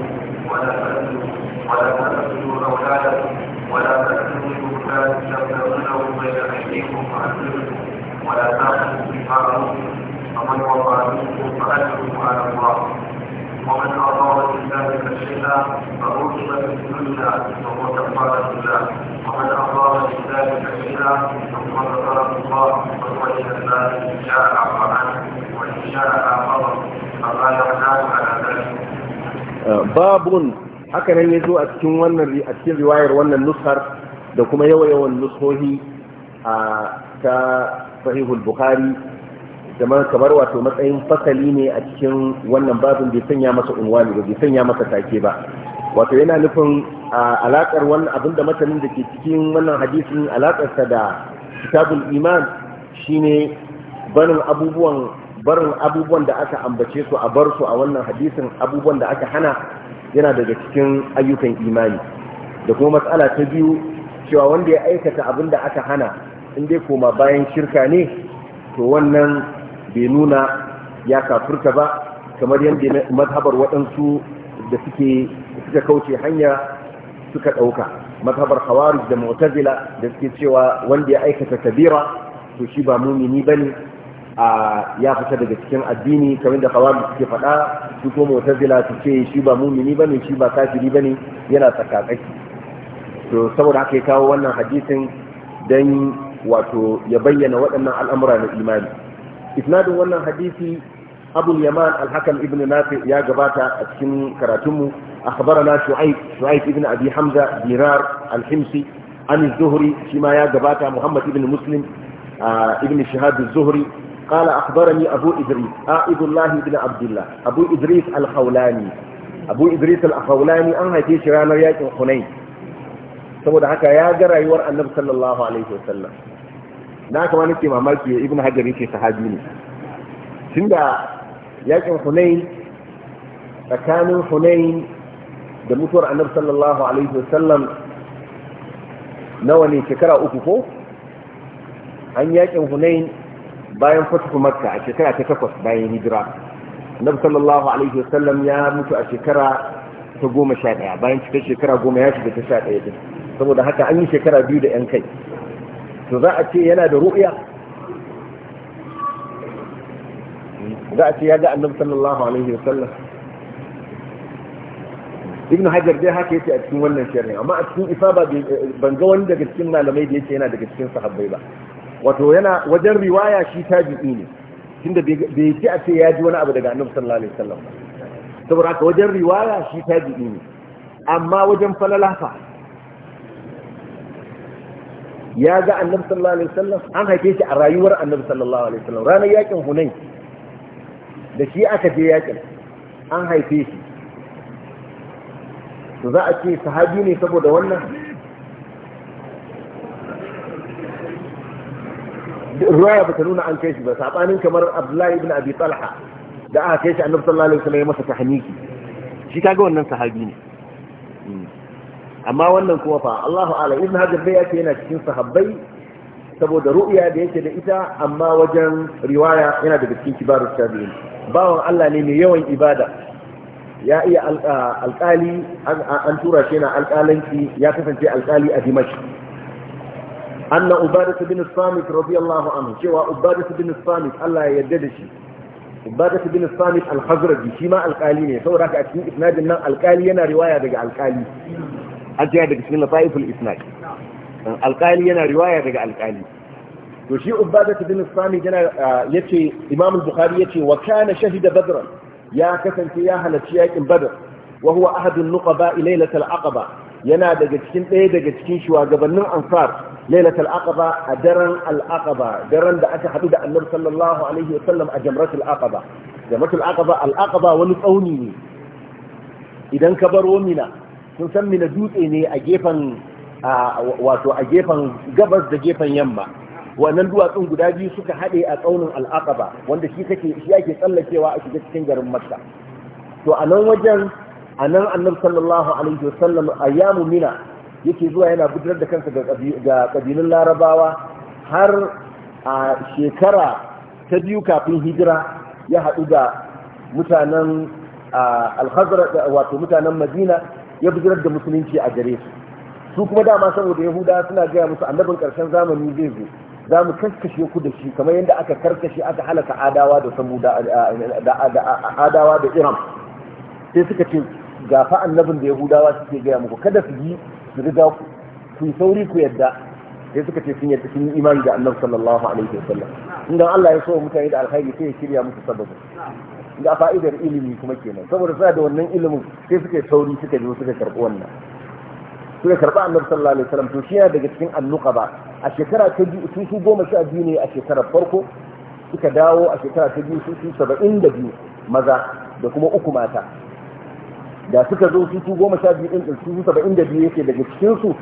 ولا تأتوا ولا تأتوا أولادكم ولا تأتوا بمكان تبتغونه بين أيديكم وأرجلكم ولا تأخذوا بمعروف ومن وقع منكم فأجروا على الله ومن أطاع بذلك شيئا فأوجب في الدنيا وهو كفارة الله ومن أطاع بذلك شيئا ثم ذكر الله فهو إلى الله إن شاء عفى وإن شاء أعطاه فما يحتاج على ذلك آه، باب haka nan ya zo a cikin wannan a cikin riwayar wannan nusar da kuma yawa yawan nushohi a ta sahihul bukhari kamar kamar wato matsayin fasali ne a cikin wannan babin bai sanya masa unwani ba bai sanya masa take ba wato yana nufin alakar wannan abin da matanin da ke cikin wannan hadisin alakarsa da kitabul iman shine barin abubuwan barin abubuwan da aka ambace su a bar su a wannan hadisin abubuwan da aka hana yana daga cikin ayyukan imani da kuma matsala ta biyu cewa wanda ya aikata abin da aka hana in dai koma bayan shirka ne to wannan bai nuna ya kafurta ba kamar yadda mazhabar waɗansu da suke suka kauce hanya suka ɗauka mazhabar khawarij da mu'tazila da suke cewa wanda ya aikata kabira to shi ba mumini ne. ya fita daga cikin addini kamar da kawai suke faɗa su ko mutazila su ce shi ba mumini bane shi ba kafiri bane yana tsaki to saboda haka ya kawo wannan hadisin dan wato ya bayyana waɗannan al'amura na imani isnadin wannan hadisi abul yaman al-hakam ibn nafi ya gabata a cikin karatunmu akhbarana shu'aib shu'aib ibn abi hamza dirar al-himsi an zuhri shi ma ya gabata muhammad ibn muslim ibn shihab az-zuhri قال أخبرني أبو إدريس عائد الله بن عبد الله أبو إدريس الخولاني أبو إدريس الخولاني أنها تيش رانا ياكم حنين saboda haka ya ga rayuwar annabi sallallahu alaihi wasallam na kama nake mamaki ibn hajar yake sahabi ne tunda yakin hunain tsakanin hunain da mutuwar annabi sallallahu nawa ne shekara uku ko an yakin hunain bayan fatuhu makka a shekara ta takwas bayan hijira annabi sallallahu alaihi wasallam ya mutu a shekara ta goma sha ɗaya bayan cikar shekara goma ya shiga ta sha ɗaya din saboda haka an yi shekara biyu da yan kai to za a ce yana da ru'ya za a ce ya ga annabi sallallahu alaihi wasallam ibn hajar dai haka yake a cikin wannan shirin, amma a cikin isa ban ga wani daga cikin malamai da yake yana daga cikin sahabbai ba wato yana wajen riwaya shi tabi'i ne tunda bai ce a ce ya ji wani abu daga annabi sallallahu alaihi wasallam saboda haka wajen riwaya shi tabi'i ne amma wajen falalafa ya ga annabi sallallahu alaihi wasallam an haife shi a rayuwar annabi sallallahu alaihi wasallam ranar yakin hunain da shi aka je yakin an haife shi to za a ce sahabi ne saboda wannan ruwaya bata nuna an kai shi ba sabanin kamar abdullahi ibn abi talha da aka kai shi annabi sallallahu alaihi wasallam ya masa tahniki shi kaga wannan sahabi ne hmm. amma wannan kuma fa Allahu ala ibn hajar bai yake yana cikin sahabbai saboda ru'ya da yake da ita amma wajen riwaya yana daga cikin kibarus tabi'in bawan Allah ne mai yawan ibada ya iya alƙali an tura shi yana alƙalanci ya kasance alƙali a Dimashq anna ubadatu bin samit radiyallahu anhu cewa ubadatu bin samit Allah ya yarda da shi ubadatu da samit al-khazraji shi ma alkali ne saboda haka a cikin isnadin nan alkali yana riwaya daga alkali ajiya daga cikin lafaiful isnad alkali yana riwaya daga alkali to shi ubadatu bin samit yana yace imam al-bukhari yace wa kana shahida badran ya kasance ya halarci yakin badar wa huwa ahadun nuqaba laylatul aqaba yana daga cikin ɗaya daga cikin shugabannin ansar lailatul aqaba a daren al daren da aka haɗu da annabi sallallahu alaihi wasallam a jamratul aqaba jamratul aqaba al wani tsauni ne idan ka baro mina kun san mina dutse ne a gefen wato gefen gabas da gefen yamma wannan duwatsun guda biyu suka haɗe a tsaunin al'aqaba wanda shi kake shi ake tsallakewa a cikin garin makka to a nan wajen a nan annabi sallallahu alaihi wasallam ayyamu mina yake zuwa yana budurar da kansa ga ƙabilun larabawa har a shekara ta biyu kafin hijira ya haɗu da mutanen alhazara wato mutanen madina ya budurar da musulunci a gare su su kuma dama saboda yahuda suna gaya musu annabin ƙarshen zamani zai zo za mu karkashe ku da shi kamar yadda aka karkashe aka halaka adawa da samu da adawa da iram sai suka ce gafa annabin da yahudawa suke gaya muku kada su yi su riga ku ku sauri ku yadda sai suka ce sun yadda sun yi imani da annabi sallallahu alaihi wasallam inda Allah ya so mutane da alkhairi sai ya shirya musu sababin da fa'idar ilimi kuma kenan saboda suna da wannan ilimin sai suka yi sauri suka je suka karɓi wannan suka karɓi annabi sallallahu alaihi wasallam to shi yana daga cikin annuka ba a shekara ta biyu su su goma sha biyu ne a shekarar farko suka dawo a shekara ta biyu su su saba'in da biyu maza da kuma uku mata da suka zo su su goma sha biyu ɗin su saba'in da biyu yake daga cikinsu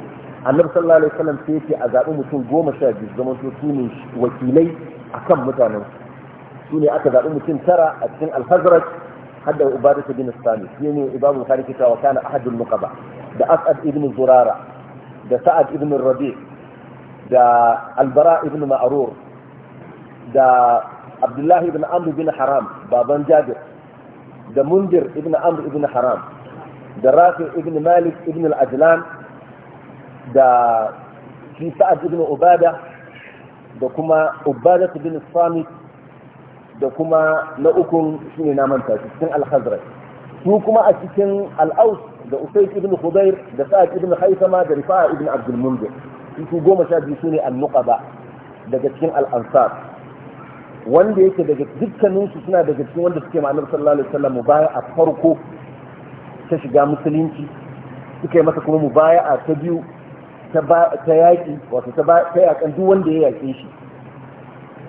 annabi sallallahu alaihi wasallam sai yake a zaɓi mutum goma sha biyu zama su su ne wakilai akan mutanen su Su ne aka zaɓi mutum tara a cikin alhazrat har da ubadatu bin sami shi ne imamu bukhari ke cewa kana ahadul nuqaba da as'ad ibn zurara da sa'ad ibn rabi da albara ibn ma'rur da abdullahi ibn amr bin haram baban jabir da mundir ibn amr ibn haram da rafi ibn malik ibn al-ajlan da fi sa'ad ibn ubada da kuma ubada ibn samit da kuma na ukun shine na manta cikin al su kuma a cikin al-aus da usayd ibn khudair da sa'ad ibn haisama da rifa'a ibn abd al-mundir su goma sha biyu sune an-nuqaba daga cikin al-ansar wanda yake daga dukkaninsu suna daga cikin wanda suke ma'anar sallallahu alaihi wasallam baya a farko ta shiga musulunci suka yi masa kuma a ta biyu ta yaƙi wato ta yaƙan duk wanda ya yaƙe shi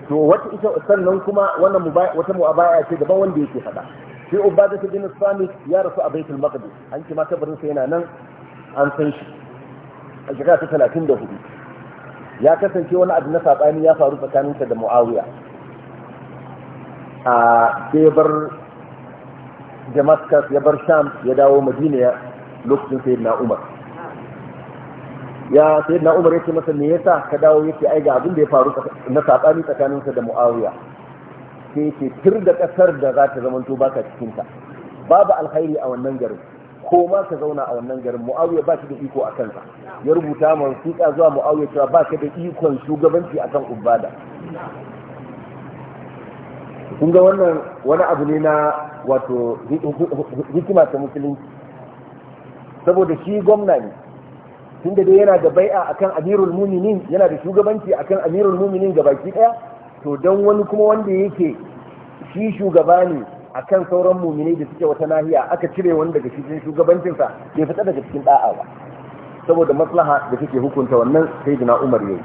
to wata ita sannan kuma wannan wata mu'abaya ce daban wanda yake faɗa sai ubada ta bin sami ya rasu a baitul maqdis an ce ma kabarin sa yana nan an san shi a shekara ta 34 ya kasance wani abu na sabani ya faru tsakaninsa da muawiya a bebar bar damascus ya bar sham ya dawo madina lokacin na umar ya na umar yake masa me yasa ka dawo yake ai ga abin da ya faru na sabani tsakaninsa da muawiya sai yake tur da kasar da za ta to baka cikin ta babu alkhairi a wannan garin ko ma ka zauna a wannan garin muawiya ba shi da iko a kansa ya rubuta mansuka zuwa muawiya cewa ba ka da ikon shugabanci akan ubada kun ga wannan wani abu ne na wato hikima ta musulunci saboda shi gwamna ne tun da dai yana da bai'a akan amirul muminin yana da shugabanci akan amirul muminin gabaki daya to don wani kuma wanda yake shi shugaba ne akan sauran muminai da suke wata nahiya aka cire wani daga cikin shugabancinsa bai fita daga cikin da'awa saboda maslaha da take hukunta wannan sai umar yayi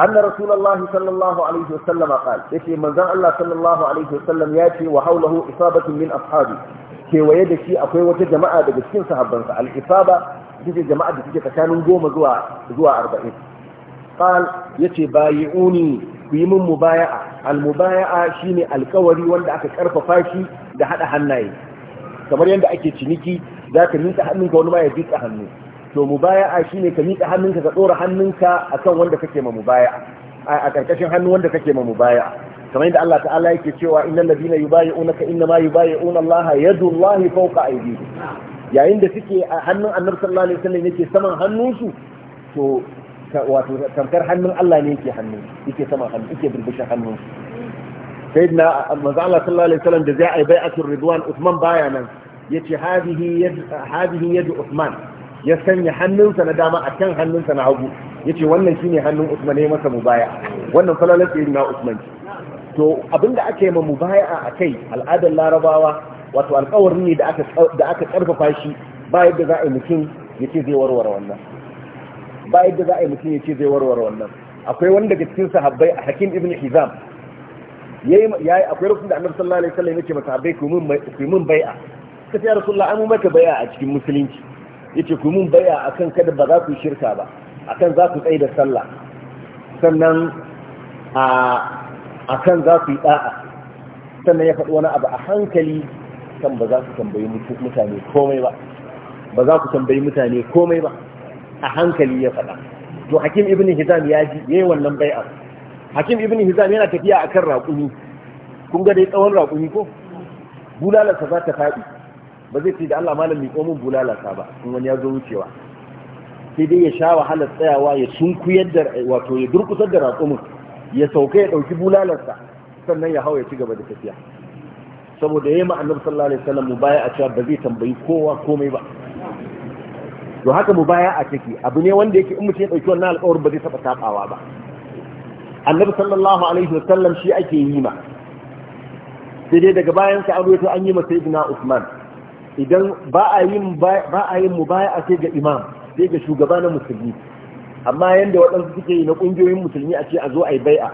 أن رسول الله صلى الله عليه وسلم قال يتي من ذا الله صلى الله عليه وسلم ياتي وحوله إصابة من أصحابه كي ويدشي أقوي وجه جماعة بجسكين صحبا الإصابة تجي جماعة بتجي تكانوا قوم زوا زوا أربعين قال يتي بايعوني في من مبايعة المبايعة شيني الكوري وانا أكترف فاشي ده حد حناي كما يندأ أكي تشنيكي ذاك ننسى حنين كونما يزيد أهمني to mubaya'a shine ka miƙa hannunka ka tsora hannunka akan wanda kake ma mubaya'a a karkashin hannu wanda kake ma mubaya'a kamar yadda Allah ta'ala yake cewa innal ladina yubayi'unaka innama yubayi'una Allah yadullahi fawqa aydihim yayin da suke hannun Annabi sallallahu alaihi wasallam yake saman hannunsu to wato tamkar hannun Allah ne yake hannu yake saman hannu yake birbishin hannunsu sayyidina manzo Allah sallallahu alaihi wasallam da zai ai bai'atul ridwan Uthman baya nan yace hadihi yad hadihi yad Uthman ya sanya hannunsa na dama a kan hannunsa na hagu ya ce wannan shine hannun usman ya masa mubaya wannan falalar tsiri na usman to abinda aka yi ma mubaya a kai al'adar larabawa wato alkawarin ne da aka karfafa shi ba yadda za a yi mutum ya ce zai warware wannan ba yadda za a yi mutum ya ce zai warware wannan akwai wani daga cikin sahabbai a hakim ibn hizam yi akwai rukun da annabi sallallahu alaihi wasallam yake masa bai ku mun bai'a kace ya rasulullah an maka bai'a a cikin musulunci yace ku mun baya akan kada ba za ku shirka ba akan za ku tsaye da sallah sannan a akan za ku yi da'a sannan ya faɗi wani abu a hankali kan ba za ku tambayi mutane komai ba ba za ku tambayi mutane komai ba a hankali ya faɗa to hakim ibn hizam ya ji yayi wannan bai'a hakim ibn hizam yana tafiya akan raƙumi kun ga dai tsawon raƙumi ko bulalarsa za ta faɗi ba zai ce da Allah malam mi komun bulalata ba in wani ya zo wucewa sai dai ya sha wahalar tsayawa ya sunkuyar da wato ya durkusar da raƙumin ya sauka ya ɗauki bulalarsa sannan ya hau ya ci gaba da tafiya saboda ya yi ma'anar sallallahu alaihi wasallam mu baya a cewa ba zai tambayi kowa komai ba to haka mu baya a ciki abu ne wanda yake in mutum ya ɗauki wannan alƙawarin ba zai taɓa taɓawa ba annabi sallallahu alaihi wasallam shi ake yi ma sai dai daga bayan sa to an yi masa ibna usman idan ba a yin mubaya a ce ga imam sai ga shugaba na musulmi amma yadda waɗansu suke yi na ƙungiyoyin musulmi a ce a zo a yi bai'a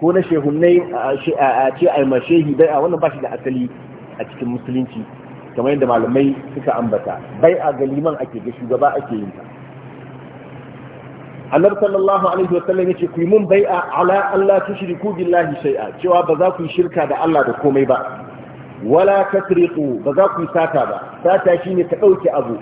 ko na shehunai a ce a yi mashehi bai'a wannan ba shi da asali a cikin musulunci kamar yadda malamai suka ambata bai'a ga liman ake ga shugaba ake yin ta annabi sallallahu alaihi wa sallam yace ku yi mun bai'a ala Allah tushriku billahi shay'a cewa ba za ku yi shirka da Allah da komai ba wala tasriqu ba za ku sata ba sata shine ka dauke abu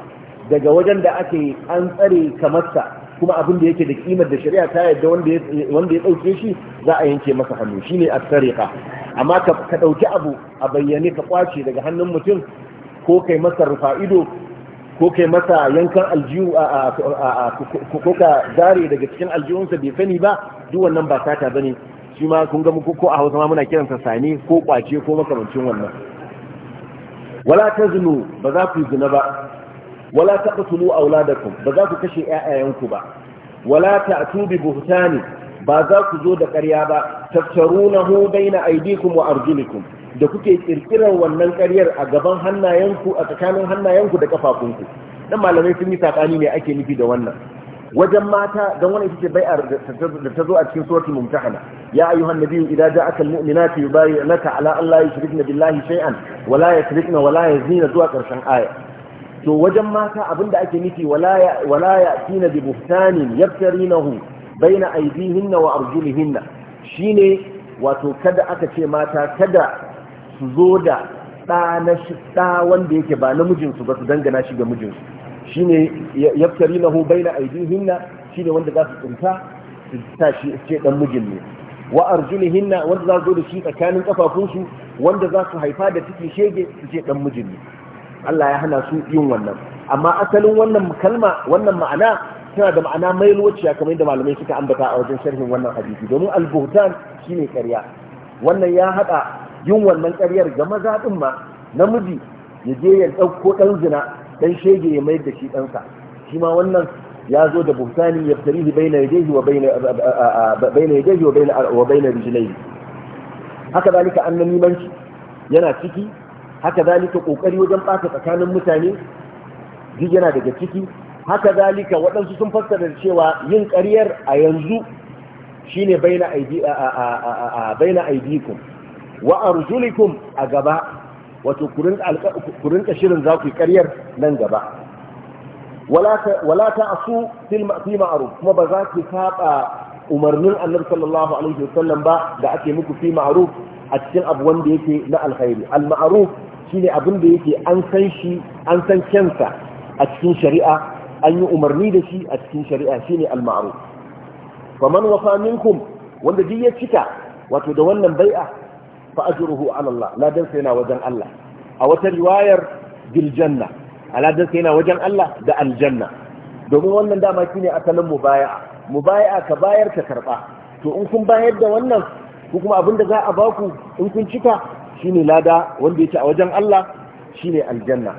daga wajen da ake an tsare kamar sa kuma abin da yake da kimar da shari'a ta yadda wanda ya wanda ya dauke shi za a yanke masa hannu shine at-tariqa amma ka ka dauki abu a bayyane ka kwace daga hannun mutum ko kai masa rufa'ido ko kai masa yankan aljihu a ko ka dare daga cikin aljihunsa bai sani ba duk wannan ba sata bane shi ma kun ga muku ko a hausa ma muna kiransa sani ko kwace ko makamancin wannan wala taznu ba za ku zina ba wala taqtulu auladakum ba za ku kashe ƴaƴayenku ba wala ta'tu bi buhtani ba za ku zo da ƙarya ba taftarunahu baina aydikum wa arjulikum da kuke kirkirar wannan ƙaryar a gaban hannayenku a tsakanin hannayenku da kafafunku dan malamai sun yi sakani ne ake nufi da wannan wajen mata don wani ita ce bai'ar da ta zo a cikin suratul mumtahana ya ayyuhan nabiyyu idza ja'aka almu'minatu yubayyi'unaka ala an la yushrikna billahi shay'an wa la yusrikna wala ya zina zuwa karshen aya to wajen mata abinda ake nufi wala ya wala bi buhtanin yaftarinahu baina aydihinna wa arjulihinna shine wato kada aka ce mata kada su zo da ɗa na shi ɗa wanda yake ba namijinsu ba su dangana shi ga mijinsu shine yaftarinahu baina shi ne wanda za su tsinta su sa shi ce dan mijin ne wa arjulihinna wanda za su zo da shi tsakanin kafafunsu wanda za su haifa da cikin shege su ce dan mijin ne Allah ya hana su yin wannan amma asalin wannan kalma wannan ma'ana tana da ma'ana mai luwaciya kamar yadda malamai suka ambata a wajen sharhin wannan hadisi domin al-buhtan shine ƙarya wannan ya hada yin wannan ƙaryar ga maza din ma namiji ya je ya ɗauko ɗan zina dan shege ya mayar da shi ɗansa shi ma wannan ya zo da buhtani ya tarihi baina yadayhi wa baina baina yadayhi wa baina wa baina rijlaihi haka zalika annamimanci yana ciki haka zalika kokari wajen ɓata tsakanin mutane duk yana daga ciki haka zalika waɗansu sun fassara cewa yin ƙaryar a yanzu shine baina aidi baina aidikum wa arjulikum a gaba wato ku rinka shirin za ku yi karyar nan gaba Walata asu fi ma'aruf kuma ba za ku saba umarnin annabi sallallahu alaihi ba da ake muku fi ma'aruf a cikin abu wanda yake na alkhairi al ma'aruf shine abin da yake an san shi an san kyansa a cikin shari'a an yi umarni da shi a cikin shari'a shine al ma'aruf faman wafa minkum wanda duk ya cika wato da wannan bai'a fa ajruhu ala Allah ladan sai yana wajen Allah a wata riwayar bil janna ladan sai yana wajen Allah da aljanna domin wannan dama shine asalin mubaya'a mubaya'a ka bayar ka karba to in kun bayar da wannan ko kuma abinda za a baku in kun cika shine lada wanda yake a wajen Allah shine aljanna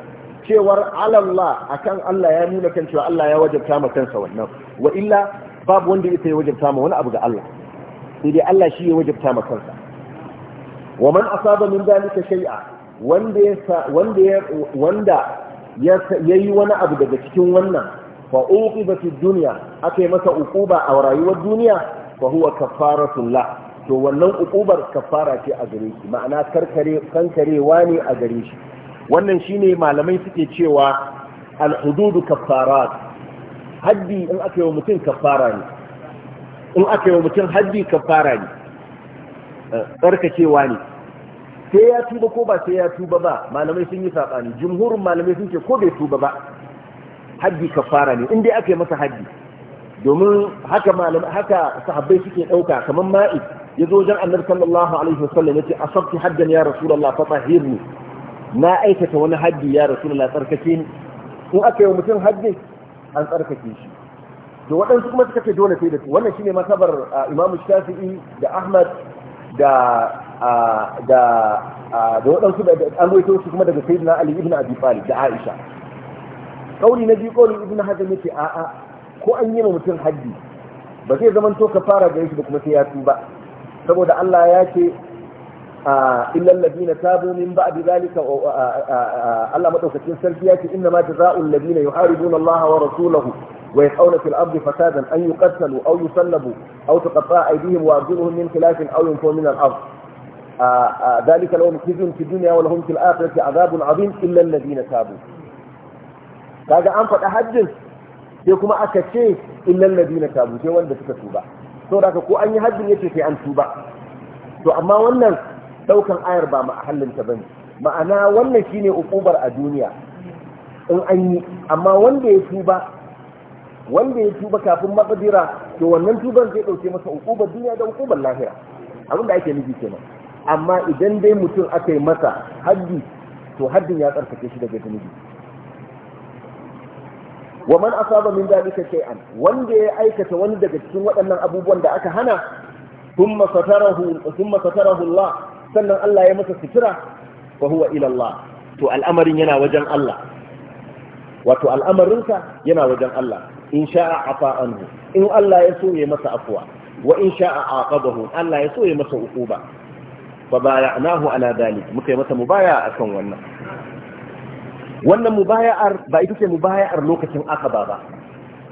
cewar alallah akan Allah ya nuna kan cewa Allah ya wajabta ma kansa wannan wa illa babu wanda yake wajabta ma wani abu ga Allah sai dai Allah shi ya wajabta ma kansa wa man asaba min dalika shay'a wanda ya wanda wanda yayi wani abu daga cikin wannan fa uqiba fi dunya akai masa uquba a rayuwar duniya fa huwa kafaratun la to wannan uqubar kafara ce a gare shi ma'ana karkare kankarewa ne a gare shi wannan shine malamai suke cewa al-hudud kaffarat haddi in aka wa mutum kafara ne in kafara ne tsarkakewa ne sai ya tuba ko ba sai ya tuba ba malamai sun yi saɓani jumhurin malamai sun ce ko bai tuba ba haddi fara ne in dai aka yi masa haddi domin haka malamai haka sahabbai suke ɗauka kamar ma'i ya zo wajen annabi sallallahu alaihi wasallam ya ce asabtu haddan ya rasulullah fa tahirni na aikata wani haddi ya rasulullah tsarkake ni in aka yi mutum haddi an tsarkake shi to waɗansu kuma suka ce dole sai da su wannan shine masabar imamu shafi'i da ahmad da da waɗansu da an waito su kuma daga sayyidina ali ibn abi talib da aisha kauli na biyu kauli ibn hajar yake a'a ko an yi ma mutum haddi ba zai zama to ka fara gare da kuma sai ya tuba saboda Allah ya ce illa alladhina tabu min ba'di zalika Allah madaukakin sarki ya ce inna ma jazaa'u alladhina yuharibuna Allah wa rasulahu ويسعون في الأرض فسادا أن يقتلوا أو يصلبوا أو تقطع أيديهم وأرجلهم من خلاف أو ينفوا من الأرض آآ آآ ذلك لهم خزي في الدنيا ولهم في الآخرة عذاب عظيم إلا الذين تابوا kaga an faɗa hajjin sai kuma aka ce illal ladina tabu sai wanda suka tuba saboda ko an yi hajjin yace sai an tuba to amma wannan ɗaukan ayar ba mahallin ta bane ma'ana wannan shine ukubar a duniya in an yi amma wanda ya tuba wanda ya tuba kafin maƙadira to wannan tuban zai ɗauke masa hukubar duniya da hukubar lahira abin da ake nufi kenan amma idan dai mutum aka yi masa haddi to haddin ya tsarkake shi daga zunubi wa man asaba min dalika shay'an wanda ya aikata wani daga cikin waɗannan abubuwan da aka hana thumma satarahu thumma satarahu Allah sannan Allah ya masa sutura fa huwa ila Allah to al'amarin yana wajen Allah wato al'amarinsa yana wajen Allah in sha'a afa anhu in Allah ya so ya masa afwa wa in sha'a aqabahu Allah ya so ya masa uquba fa bayanahu ala dalik muka yi masa mubaya'a akan wannan wannan mubaya'ar ba ita ce mubaya'ar lokacin aqaba ba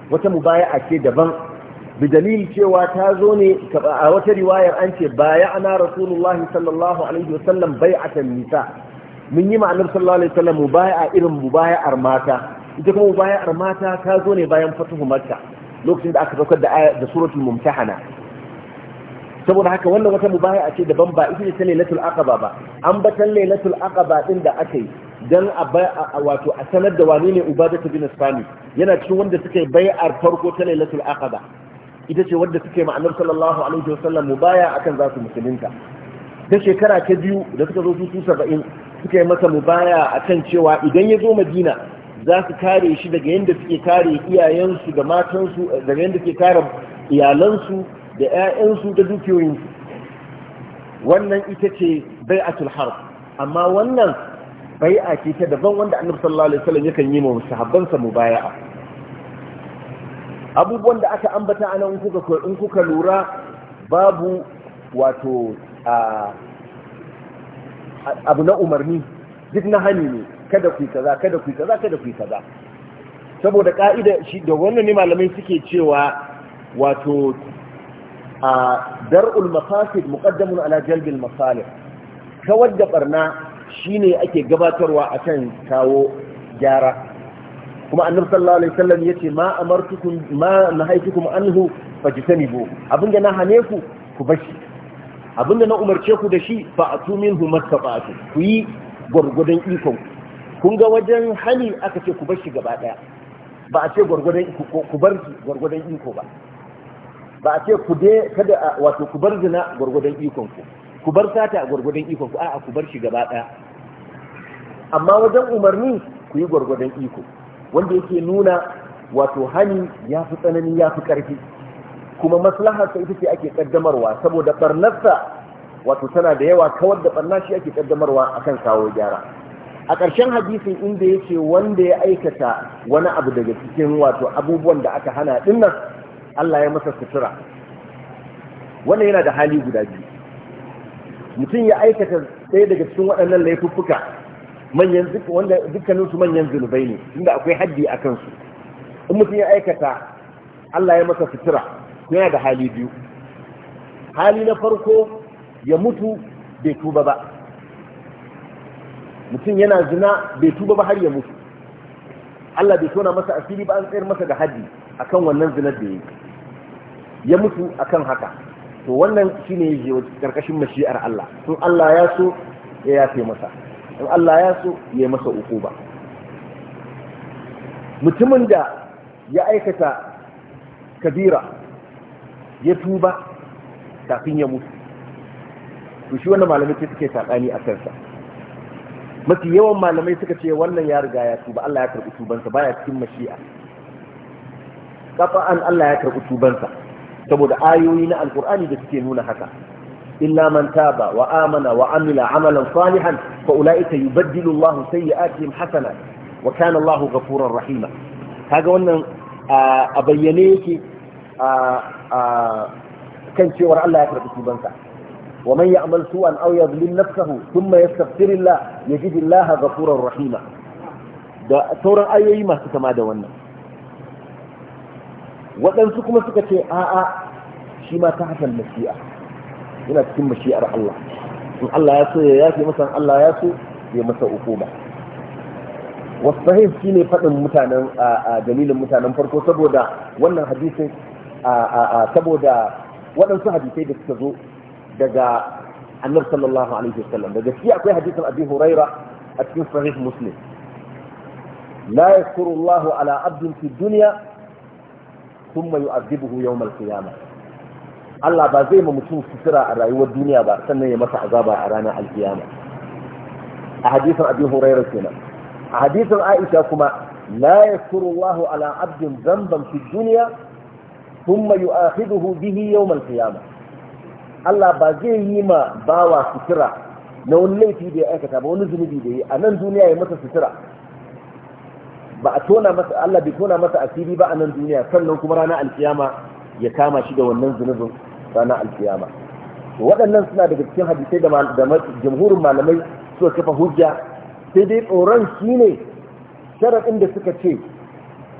wata mubaya'a ce daban bi dalil cewa ta zo ne a wata riwaya an ce baya'ana rasulullahi sallallahu alaihi wasallam bai'atan nisa mun yi ma'anar sallallahu alaihi wasallam mubaya'a irin mubaya'ar mata ita kuma mubaya'ar mata ta zo ne bayan fatuhu makka lokacin da aka saukar da suratul mumtahana saboda haka wannan wata mubaya'a ce daban ba ita ce ta lailatul aqaba ba an batan lailatul aqaba din da aka yi dan a wato a sanar da wane ne ubadatu bin sami yana cikin wanda suke yi bai'ar farko ta lailatul aqaba ita ce wanda suke ma'anar sallallahu alaihi wasallam mubaya akan za su musulunta ta shekara ta biyu da suka zo su saba'in suka yi masa mubaya akan cewa idan ya zo madina za su kare shi daga yadda suke kare iyayensu da matansu daga yadda suke kare iyalansu da 'ya'yansu da dukiyoyinsu wannan ita ce bai a tulhar amma wannan bai ce ta daban wanda annabi sallallahu alaihi wasallam yakan yi wa sahabbansa baya abubuwan da aka ambata anan in kuka in kuka lura babu wato abu na umarni duk na hani ne kada ku kaza kada ku kaza kada ku kaza saboda ka'ida shi da wannan ne malamai suke cewa wato a dar'ul mafasid muqaddamun ala jalbil masalih kawar da barna shine ake gabatarwa akan kawo gyara kuma annabi sallallahu alaihi wasallam yace ma amartukum ma nahaytukum anhu fajtanibu abinda na hane ku ku bashi abinda na umarce ku da shi fa atu minhu mastata'tu ku yi gurgudun ikon ku kun ga wajen hani aka ce ku bar shi gaba daya ba a ce gwargwadon ku bar gwargwadon iko ba ba a ce ku de kada wato ku bar zina gwargwadon ikon ku ku bar sata gwargwadon ikon ku a'a ku bar shi gaba daya amma wajen umarni ku yi gwargwadon iko wanda yake nuna wato hani ya fi tsanani ya fi karfi kuma maslaharsa ita ce ake kaddamarwa saboda barnarsa wato tana da yawa kawar da barna shi ake kaddamarwa akan kawo gyara a ƙarshen hadisin inda yake wanda ya aikata wani abu daga cikin wato abubuwan da aka hana dinnan Allah ya masa sutura wannan yana da hali guda biyu mutum ya aikata ɗaya daga cikin waɗannan laifuffuka manyan wanda dukkanin su manyan zunubai ne inda akwai haddi a kansu in mutum ya aikata Allah ya masa sutura yana da hali biyu hali na farko ya mutu bai tuba ba mutum yana zina bai tuba ba har ya mutu Allah bai tona masa asiri ba an tsayar masa da haji akan wannan zinar da ya ya mutu akan haka to wannan shine yake karkashin mashi'ar Allah in Allah ya so ya yafe masa in Allah ya so ya yi masa ukuba mutumin da ya aikata kabira ya tuba kafin ya mutu to shi wannan malamai suke sakani a kansa mafi yawan malamai suka ce wannan ya riga ya tuba Allah ya karɓi tubansa baya cikin mashi'a kafa'an Allah ya karɓi tubansa saboda ayoyi na alkur'ani da suke nuna haka illa man taba wa amana wa amila amalan salihan fa ulaika yubaddilu Allahu sayyi'atihim hasanat wa kana Allahu ghafurur rahima kaga wannan a bayyane yake a kan cewar Allah ya karɓi tubansa ومن يعمل سوءا أو يظلم نفسه ثم يستغفر الله يجد الله غفورا رحيما da sauran ayoyi masu kama da wannan waɗansu kuma suka ce a'a shi ma ta hasan mashi'a yana cikin mashi'ar Allah in Allah ya so ya yafe masa Allah ya so ya masa hukuma wasu sahih ne faɗin mutanen a dalilin mutanen farko saboda wannan hadisin saboda waɗansu hadisai da suka zo daga annabi sallallahu alaihi wasallam daga shi akwai hadisin abi huraira a cikin sahih muslim la yaskuru Allahu ala abdin fi dunya thumma yu'adhibuhu yawm al-qiyamah Allah ba zai ma mutum sutura a rayuwar duniya ba sannan ya masa azaba a ranar alkiyama a hadisin abi huraira kenan a hadisin aisha kuma la yakuru Allahu ala abdin dhanban fi dunya thumma yu'akhidhuhu bihi yawm al-qiyamah Allah ba zai yi ma bawa sutura na wani laifi da ya aikata ba wani zunubi da ya a nan duniya ya masa sutura ba a tona masa Allah bai tona masa asiri ba a nan duniya sannan kuma ranar alkiyama ya kama shi da wannan zunubin ranar alkiyama waɗannan suna daga cikin hadisai da jamhurin malamai suka kafa hujja sai dai tsoron shi ne sharaɗin da suka ce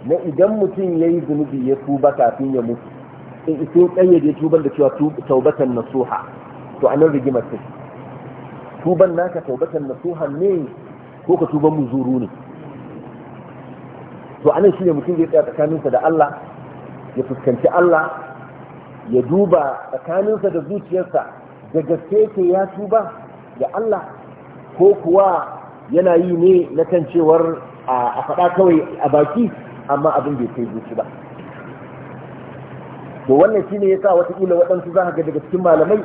na idan mutum ya yi zunubi ya tuba kafin ya mutu in sai kayyade tuban da cewa taubatan nasuha to anan rigimar take tuban naka taubatan nasuha ne ko ka tuban zuru ne to anan shine mutum zai tsaya tsakaninsa da Allah ya fuskanci Allah ya duba tsakaninsa da zuciyarsa da gaske ke ya tuba ga Allah ko kuwa yana yi ne na kan cewar a faɗa kawai a baki amma abin bai kai zuci ba to wannan shine yasa watakila waɗansu za ga daga cikin malamai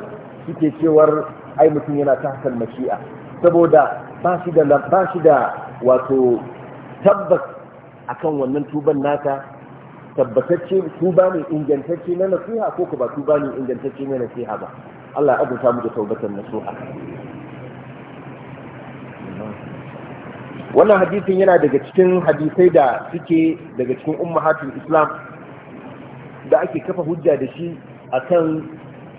suke cewar ai mutum yana tahtal mashi'a saboda ba shi da ba shi da wato tabbas akan wannan tuban naka tabbatacce tuba ne ingantacce na nasiha ko ba tuba ne ingantacce na nasiha ba Allah ya azurta mu da taubatan nasuha wannan hadisin yana daga cikin hadisai da suke daga cikin ummahatul islam da ake kafa hujja da shi kan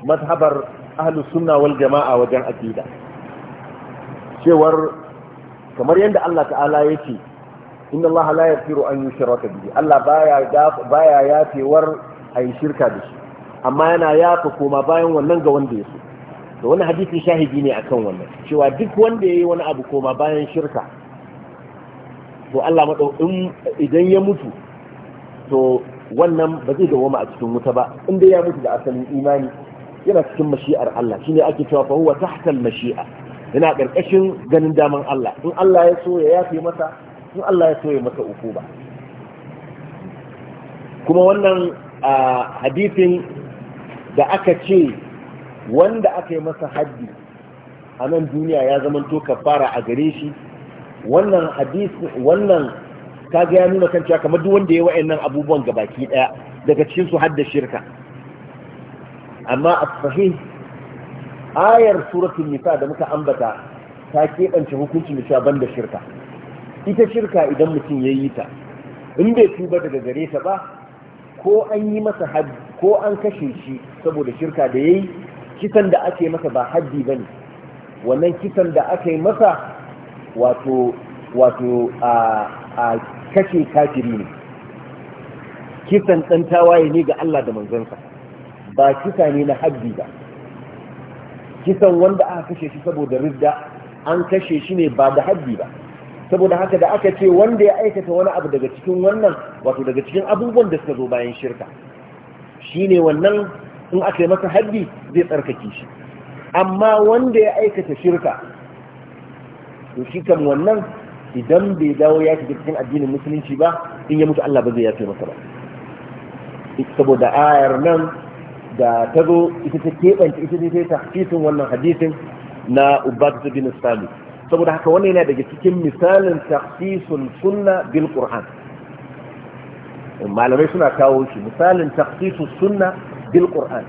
mazhabar ahlus sunna wal jama'a wajen aqida cewar kamar yadda Allah ta'ala yake inna Allah la yaghfiru an yushraka bihi Allah baya baya yafewar ayi shirka da shi amma yana yafa koma bayan wannan ga wanda ya to wani hadisi shahidi ne akan wannan cewa duk wanda yayi wani abu koma bayan shirka to Allah madau idan ya mutu to wannan ba zai dawoma a cikin wuta ba inda ya mutu da asalin imani yana cikin mashi'ar Allah shine ake cewa fa huwa tahta mashia yana karkashin ganin daman Allah in Allah ya so ya yafe masa in Allah ya so ya masa ukuba kuma wannan hadisin da aka ce wanda aka yi masa haddi a nan duniya ya zama zamanto kafara a gare shi wannan hadisi wannan Ka ga ya nuna kan cewa kamar duk wanda ya wa'annan abubuwan ga baki daya daga cikin su hadda shirka amma as-sahih ayar suratul nisa da muka ambata ta keɓance hukuncin da ban da shirka ita shirka idan mutum ya yi ta in bai tuba daga gare ta ba ko an yi masa haddi ko an kashe shi saboda shirka da ya yi kisan da ake masa ba haddi ba ne wannan kisan da aka yi masa wato wato a a kashe kafiri ne kisan ɗan tawaye ne ga Allah da manzansa ba kisa ne na haddi ba kisan wanda aka kashe shi saboda ridda an kashe shi ne ba da haddi ba saboda haka da aka ce wanda ya aikata wani abu daga cikin wannan wato daga cikin abubuwan da suka zo bayan shirka shine wannan in aka yi masa haddi zai tsarkake shi amma wanda ya aikata shirka to shi kan wannan idan bai dawo ya shiga cikin addinin musulunci ba in ya mutu Allah ba zai yafe masa ba saboda ayar nan da ta zo ita ta keɓance ita ta tafsirin wannan hadisin na Ubadu bin Sami saboda haka wannan yana daga cikin misalin tafsirin sunna bil Qur'an malamai suna kawo shi misalin tafsirin sunna bil Qur'an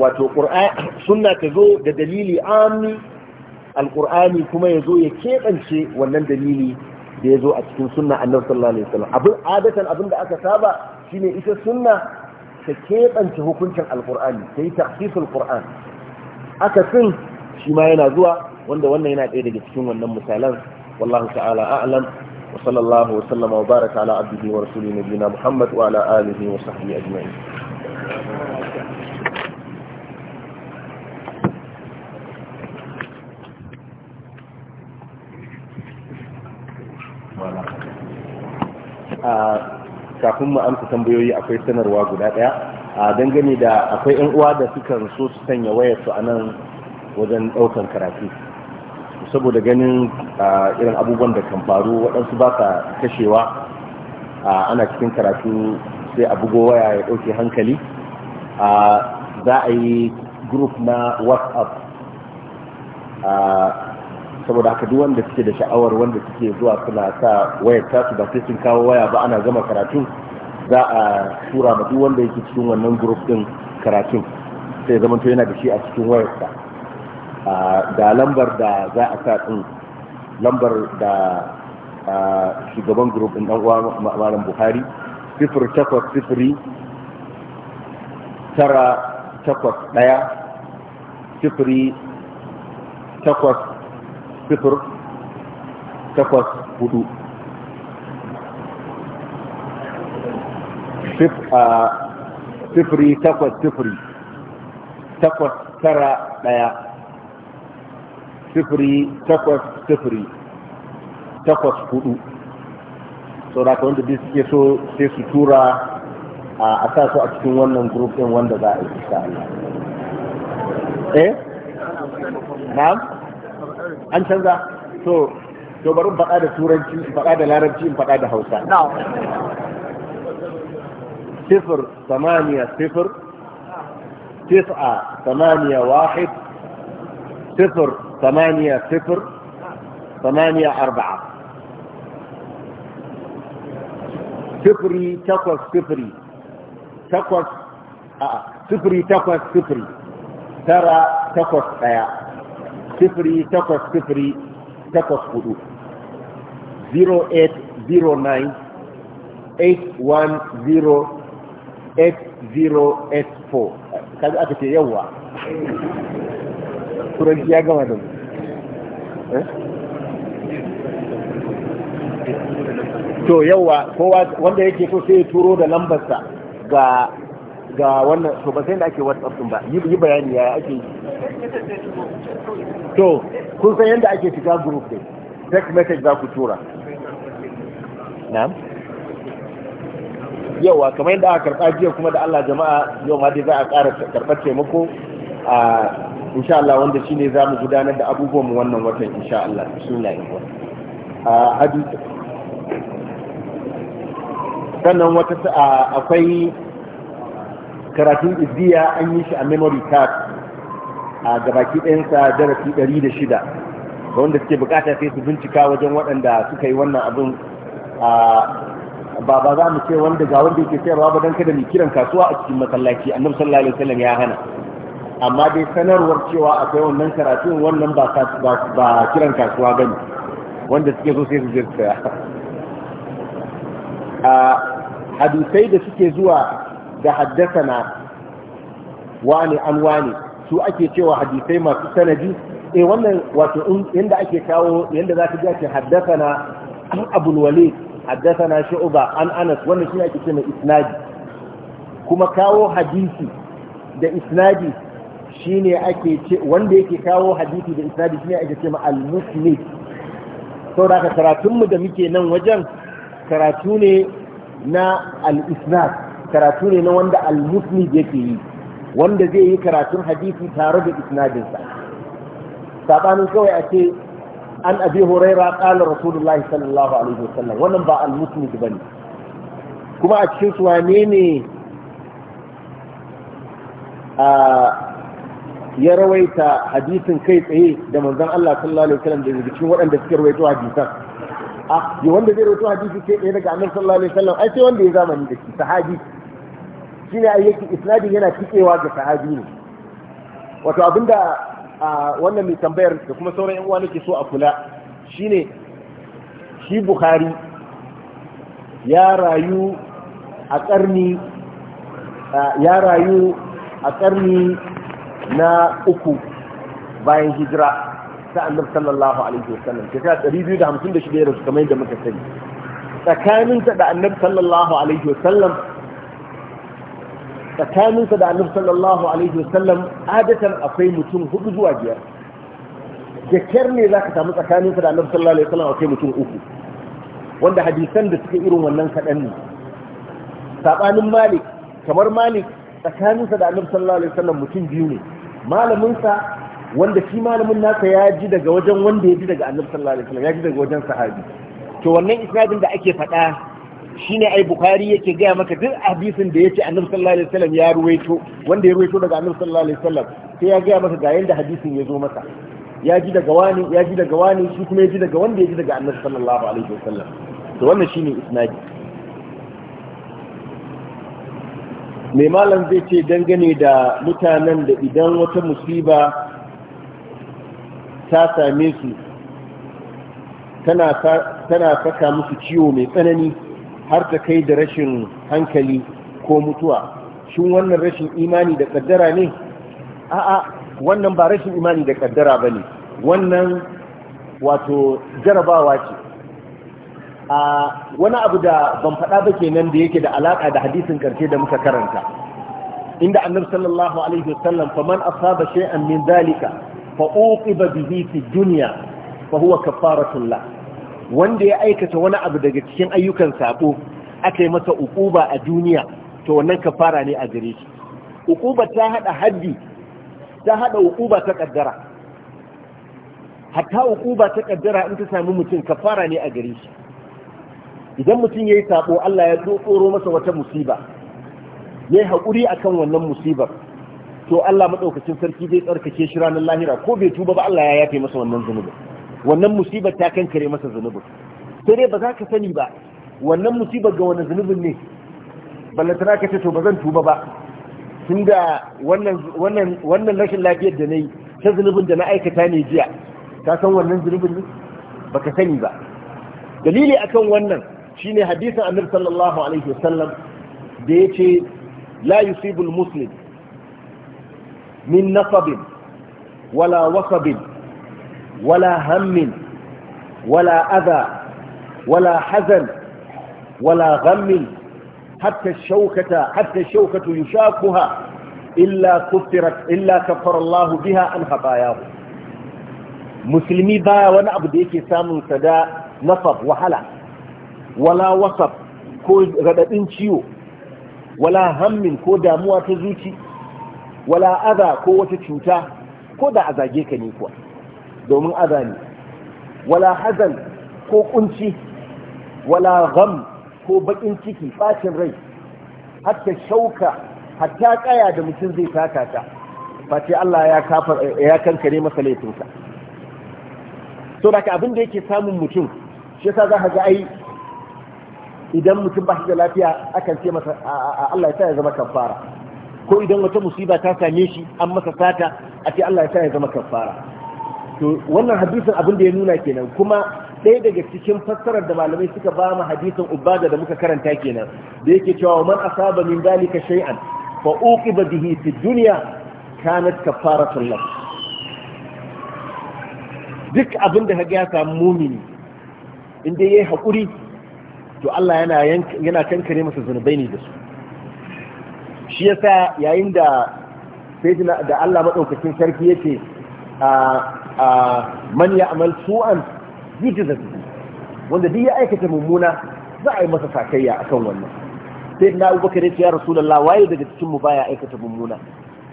wato sunna ta zo da dalili amni alkur'ani kuma ya zo ya keɓance wannan dalili da ya zo a cikin sunna annabi sallallahu alaihi wasallam abin adatan abin da aka saba shine ita sunna ta keɓance hukuncin alkur'ani ta yi tafsisul qur'an aka sun shi ma yana zuwa wanda wannan yana ɗaya daga cikin wannan misalan wallahu ta'ala a'lam wa sallallahu wa sallama wa baraka ala abdihi wa rasulihi nabiyina muhammad wa ala alihi wa sahbihi ajma'in kafin mu amsa tambayoyi akwai sanarwa guda daya a dangane da akwai yan uwa da suka so su sanya wayar su nan wajen daukan karatu saboda ganin irin abubuwan da kan faru waɗansu ba ka kashewa ana cikin karatu sai a bugo waya ya ɗauke hankali za a yi group na whatsapp saboda haka duk wanda suke da sha'awar wanda suke zuwa suna sa wayar tasu ba sai sun kawo waya ba ana gama karatu za a tura ma duk wanda yake cikin wannan group din karatun sai zama to yana da shi a cikin wayarsa da lambar da za a sa din lambar da shugaban group din dan uwa malam Buhari Sifiri tara takwas ɗaya sifiri takwas sifir takwas hudu sifiri takwas sifiri takwas tara daya sifiri takwas sifiri takwas hudu ka wanda duk suke so sai su tura a sa su a cikin wannan group din wanda za a yi insha eh na'am an canza to to bari in faɗa da turanci in faɗa da larabci in faɗa da hausa sifir samaniya sifir tis'a samaniya wahid sifir samaniya sifir samaniya arba'a sifiri takwas sifiri takwas a sifiri takwas sifiri tara takwas ɗaya sifiri takwas sifiri takwas hudu 0809 810 8084 kaji aka ce yawwa? turanci ya gama da eh? to yawwa kowa wanda yake so sai ya turo da lambarsa ga ga wannan to ba sai da ake whatsapp din ba yi bayani ya ake yi to kun san yadda ake shiga group ne text message za ku tura na'am yawa kamar yadda aka karɓa jiya kuma da Allah jama'a yau ma dai za a ƙara karɓar taimako a insha Allah wanda shine za mu gudanar da abubuwan mu wannan watan insha Allah yi a hadisi sannan wata akwai karatun Izdiya an yi shi a memory card a gabaki ɗayansa darasi ɗari da shida wanda suke bukata sai su bincika wajen waɗanda suka yi wannan abin ba ba za mu ce wanda ga wanda yake sayarwa ba don kada mu kiran kasuwa a cikin masallaci annabi sallallahu alaihi wasallam ya hana amma dai sanarwar cewa akwai wannan karatun wannan ba ba kiran kasuwa ba ne. wanda suke so sai su je saya a hadisai da suke zuwa da na wani an wani su ake cewa hadisai masu sanadi E wannan wato inda ake kawo yanda za su ji ake haddasa na an abul haddasa na shu'ba an anas wannan shi ake cewa isnadi kuma kawo hadisi da isnadi shine ake ce wanda yake kawo hadisi da isnadi shine ake cewa al-musnid da karatun mu da muke nan wajen karatu ne na al-isnad karatu ne na wanda al musni yake yi wanda zai yi karatun hadisi tare da sa sabanin kawai a ce an abi huraira qala rasulullah sallallahu alaihi wasallam wannan ba al musni bane kuma a cikin su wane ne a ya rawaita hadisin kai tsaye da manzon Allah sallallahu alaihi wasallam da cikin waɗanda suke rawaito hadisan ah, a wanda zai rawaito hadisi kai tsaye daga annabi sallallahu alaihi wasallam ai sai wanda ya zamani da shi sahabi shine ai yake isnadin yana tikewa ga sahabi ne wato abinda wannan mai tambayar da kuma sauran yan uwa nake so a kula shine shi Bukhari ya rayu a karni ya rayu a karni na uku bayan hijira ta annabi sallallahu alaihi wasallam ta 256 da su kamar yadda muka sani tsakaninsa da annabi sallallahu alaihi wasallam tsakaninsa da annabi sallallahu alaihi wasallam adatan akwai mutum hudu zuwa biyar da ne za ka samu tsakaninsa da annabi sallallahu alaihi wasallam akwai mutum uku wanda hadisan da suke irin wannan kaɗan ne saɓanin malik kamar malik tsakaninsa da annabi sallallahu alaihi wasallam mutum biyu ne malaminsa wanda shi malamin nasa ya ji daga wajen wanda ya ji daga annabi sallallahu alaihi wasallam ya ji daga wajen sahabi to wannan isnadin da ake faɗa Shi ne ai bukari yake gaya maka duk hadisin da yace annabi sallallahu alaihi wasallam ya ruwaito wanda ya ruwaito daga annabi sallallahu alaihi wasallam sai ya gaya maka ga yanda hadisin ya zo masa ya ji daga wani ya ji daga wani shi kuma ya ji daga wanda ya ji daga annabi sallallahu alaihi wasallam to wannan shine isnadi mai malam zai ce dangane da mutanen da idan wata musiba ta same su tana saka musu ciwo mai tsanani har ta kai da rashin hankali ko mutuwa shin wannan rashin imani da kaddara ne a'a wannan ba rashin imani da kaddara bane wannan wato jarabawa ce a wani abu da ban faɗa ba kenan da yake da alaka da hadisin karshe da muka karanta inda annabi sallallahu alaihi wasallam faman asaba shay'an min zalika fa uqiba bihi fi dunya fa huwa kafaratun lahu wanda ya aikata wani abu daga cikin ayyukan sabo aka yi masa ukuba a duniya to wannan kafara ne a gare shi ukuba ta hada haddi ta hada ukuba ta kaddara hatta ukuba ta kaddara in ta sami mutum kafara ne a gare shi idan mutum yayi sabo Allah ya tsoro masa wata musiba yayi hakuri akan wannan musibar to Allah madaukakin sarki zai tsarkake shi ranar lahira ko bai tuba ba Allah ya yafe masa wannan zunubin wannan musibar ta kankare masa zunubin sai dai ba za ka sani ba wannan musibar ga wannan zunubin ne ballatana ka ce to ba zan tuba ba tun da wannan rashin lafiyar da na yi ta zunubin da na aikata ne jiya ka san wannan zunubin ne ba ka sani ba dalili akan wannan shine hadisin annabi sallallahu alaihi wasallam da ya ce la yusibul muslim min nasabin wala wasabin ولا هم ولا أذى ولا حزن ولا غم حتى الشوكة حتى الشوكة يشاكها إلا كفرت إلا كفر الله بها عن خطاياه مسلمي با وانا ابديكي سامو سدا نصب وحلا ولا وصف كو غددين انشيو ولا هم كو داموا تزوتي ولا أذى كو وتشوتا كودا دا أذى جيكا نيكوا domin azani wala hazan ko kunci wala gham ko bakin ciki bacin rai hatta shauka hatta kaya da mutum zai taka ta face Allah ya kafar ya kankare masa laifinsa so da abin da yake samun mutum shi yasa za ka ga ai idan mutum ba shi da lafiya akan ce masa Allah ya sa ya zama kafara ko idan wata musiba ta same shi an masa sata a ce Allah ya sa ya zama kafara to wannan hadisin abin da ya nuna kenan kuma ɗaya daga cikin fassarar da malamai suka ba mu hadisin ubada da muka karanta kenan da yake cewa man asaba min dalika shay'an fa uqiba bihi fi dunya kanat kafaratun lahu duk abin da kaga ya samu mumini in dai yayi hakuri to Allah yana yana kankare masa zunubai ne da su shi yasa yayin da sayyidina da Allah madaukakin sarki yace a ah, man amal su'an yujza wanda duk ya aikata mummuna za a yi masa sakayya akan wannan sai na abubakar ya rasu ya rasulullah waye daga cikin mu baya aikata mummuna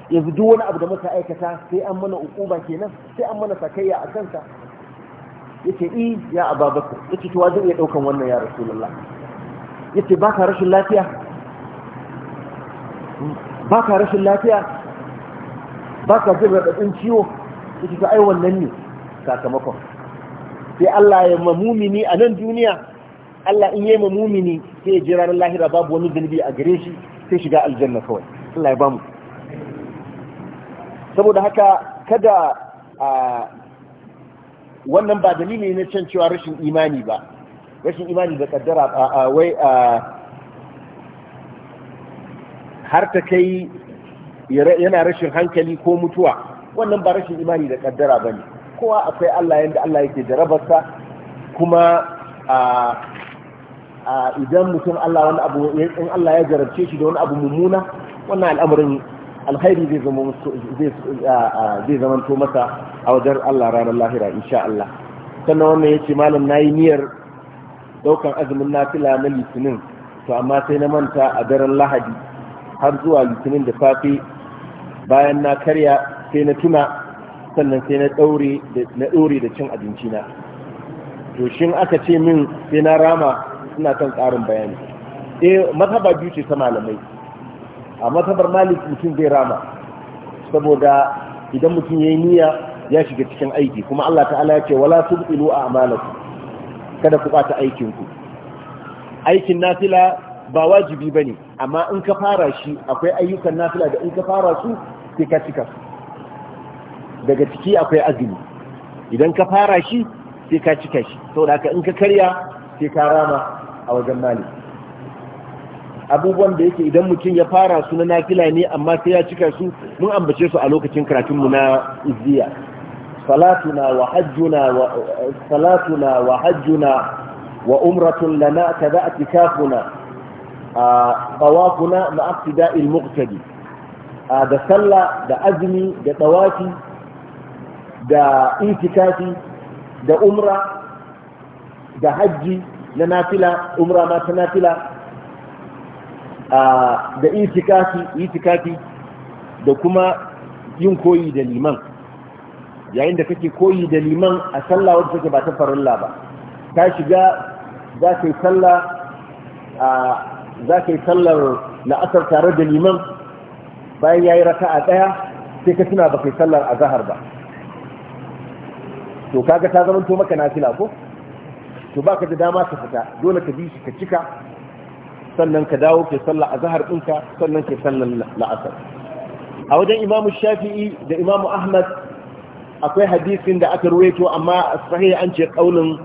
yanzu duk wani abu da muka aikata sai an mana ukuba kenan sai an mana sakayya a kansa yace i ya eh, ababaka yace to zan ya daukan wannan ya rasulullah yace baka rashin lafiya baka rashin lafiya baka jin radadin ciwo ita ta ai wannan ne sakamakon sai Allah ya mamumini a nan duniya Allah in yi mamumini sai ya jira lahira babu wani zunubi a gare shi sai shiga aljanna kawai Allah ya bamu saboda haka kada wannan ba dalili ne na can cewa rashin imani ba rashin imani da kaddara a wai har ta kai yana rashin hankali ko mutuwa wannan ba rashin imani da kaddara ba ne kowa akwai Allah yadda Allah yake rabarsa kuma idan mutum Allah wani abu in Allah ya jarabce shi da wani abu mummuna wannan al'amarin alkhairi zai zama to masa a wajen Allah ranar lahira insha Allah sannan wannan yace malam na yi niyyar daukan azumin nafila na litinin to amma sai na manta a daren lahadi har zuwa litinin da safe bayan na karya sai na tuna sannan sai na ɗaure na da cin abinci na to shin aka ce min sai na rama ina kan tsarin bayani eh mazhaba biyu ce ta malamai a mazhabar malik mutum zai rama saboda idan mutum yayi niyya ya shiga cikin aiki kuma Allah ta'ala ya ce wala tubtilu a'malakum kada ku bata aikin ku aikin nafila ba wajibi bane amma in ka fara shi akwai ayyukan nafila da in ka fara su sai ka cika su daga ciki akwai azumi idan ka fara shi sai ka cika shi saboda haka in ka karya sai ka rama a wajen mali abubuwan da yake idan mutum ya fara su na nafila ne amma sai ya cika su mun ambace su a lokacin karatunmu na izziya salatuna wa hajjuna wa salatuna wa hajjuna wa umratun lana a atikafuna na مع اقتداء da sallah da azumi da tawafi da intikafi da umra da hajji na nafila umra ma ta nafila da itikafi itikafi da kuma yin koyi da liman yayin da kake koyi da liman a sallah wadda take ba ta farilla ba ta shiga za ka yi sallah za ka yi sallar la'asar tare da liman bayan ya yi raka'a ɗaya sai ka tuna ba kai sallar a zahar ba to kaga ta zama to maka nafila ko to baka da dama ka fita dole ka bi shi ka cika sannan ka dawo ke sallah azhar ɗinka sannan ke sallan la'asar a wajen imamu shafi'i da imamu ahmad akwai hadisin da aka ruwaito amma sahih an ce kaulin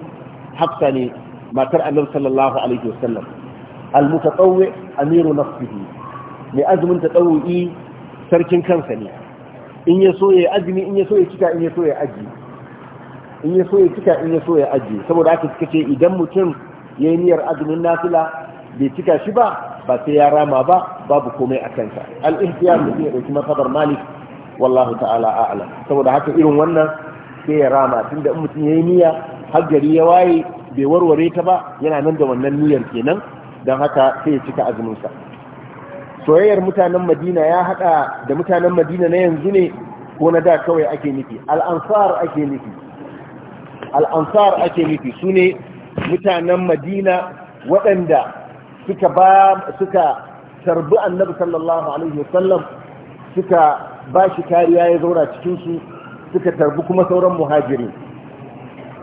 hafsa ne matar annabi sallallahu alaihi wasallam al-mutatawwi amiru nafsihi mai azumin tatawwi sarkin kansa ne in ya ya azumi in ya so ya cika in ya so ya aji in ya so ya cika in ya so ya ajiye saboda haka cika ce idan mutum ya yi niyyar azumin nafila bai cika shi ba ba sai ya rama ba babu komai a kansa al'ihtiyar da ya dauki masabar malik wallahu ta'ala a'lam saboda haka irin wannan sai ya rama tunda in mutum ya yi niyya har gari ya waye bai warware ta ba yana nan da wannan niyyar kenan don haka sai ya cika azumin sa soyayyar mutanen Madina ya haɗa da mutanen Madina na yanzu ne ko na da kawai ake nufi al'ansar ake nufi al'ansar ake nufi su ne mutanen madina waɗanda suka ba suka tarbi annabi sallallahu alaihi wasallam suka ba shi kariya ya zauna cikinsu suka tarbi kuma sauran muhajirin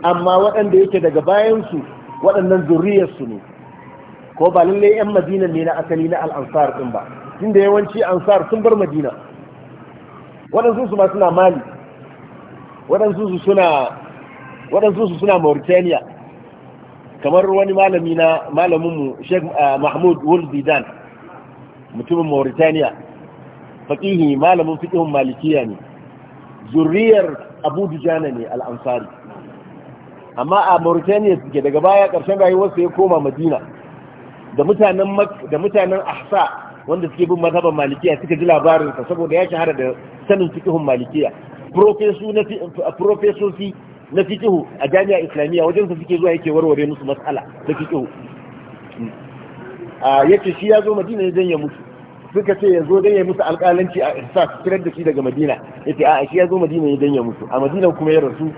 amma waɗanda yake daga bayansu waɗannan zuriyarsu ne ko ba lallai 'yan madina ne na asali na al'ansar ɗin ba tunda yawanci ansar sun bar madina waɗansu su ma suna mali waɗansu su suna waɗansu su suna Mauritania kamar wani malami na malaminmu Sheikh ah, Mahmud Wulzidan mutumin Mauritania faƙihi malamin fiƙihun malikiya ne zuriyar Abu Dujana ne al amma a mauritaniya suke daga baya ƙarshen rayuwarsa ya koma Madina da mutanen da mutanen Ahsa wanda suke bin mazhaban malikiya suka ji labarinsa saboda ya shahara da sanin fiƙihun malikiya profesoci na fiqhu a jami'a islamiyya wajen su suke zuwa yake warware musu mas'ala na fiqhu a ah, yace shi ya zo madina ne ya mutu suka ce ya zo dan ya musu alƙalanci a ihsas kirar da shi daga madina yace a shi ya zo madina ne dan ya mutu a madina kuma ya rasu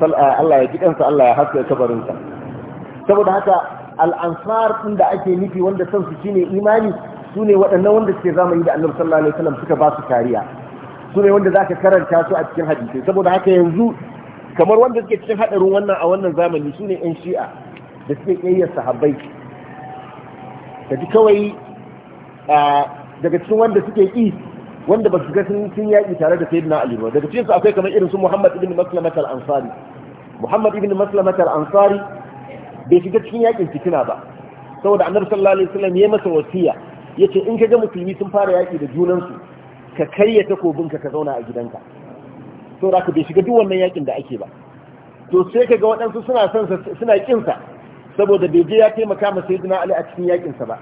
ah, Allah ya ji Allah ya haska kabarinsa saboda haka al'ansar ɗin da ake nufi wanda son su shine imani su ne waɗannan wanda suke zamani da annabi sallallahu alaihi wasallam suka ba su kariya su ne wanda zaka karanta su a cikin hadisi saboda haka yanzu kamar wanda suke cikin haɗarin wannan a wannan zamani su ne 'yan shi'a da suke ƙayyar sahabbai da ji kawai daga cikin wanda suke ƙi wanda ba su ga sun yaƙi tare da sayyidina ali ba daga cikinsu akwai kamar irin su muhammad ibn maslamat al-ansari muhammad ibn maslamat al-ansari bai shiga cikin yaƙin fitina ba saboda annabi sallallahu alaihi wasallam ya masa wasiya yace in ka ga musulmi sun fara yaƙi da junansu ka karya ka ka zauna a gidanka to raka bai shiga duk wannan yakin da ake ba to sai kaga waɗansu suna son suna kin sa saboda bai je ya taimaka ma sayyidina Ali a cikin yakin sa ba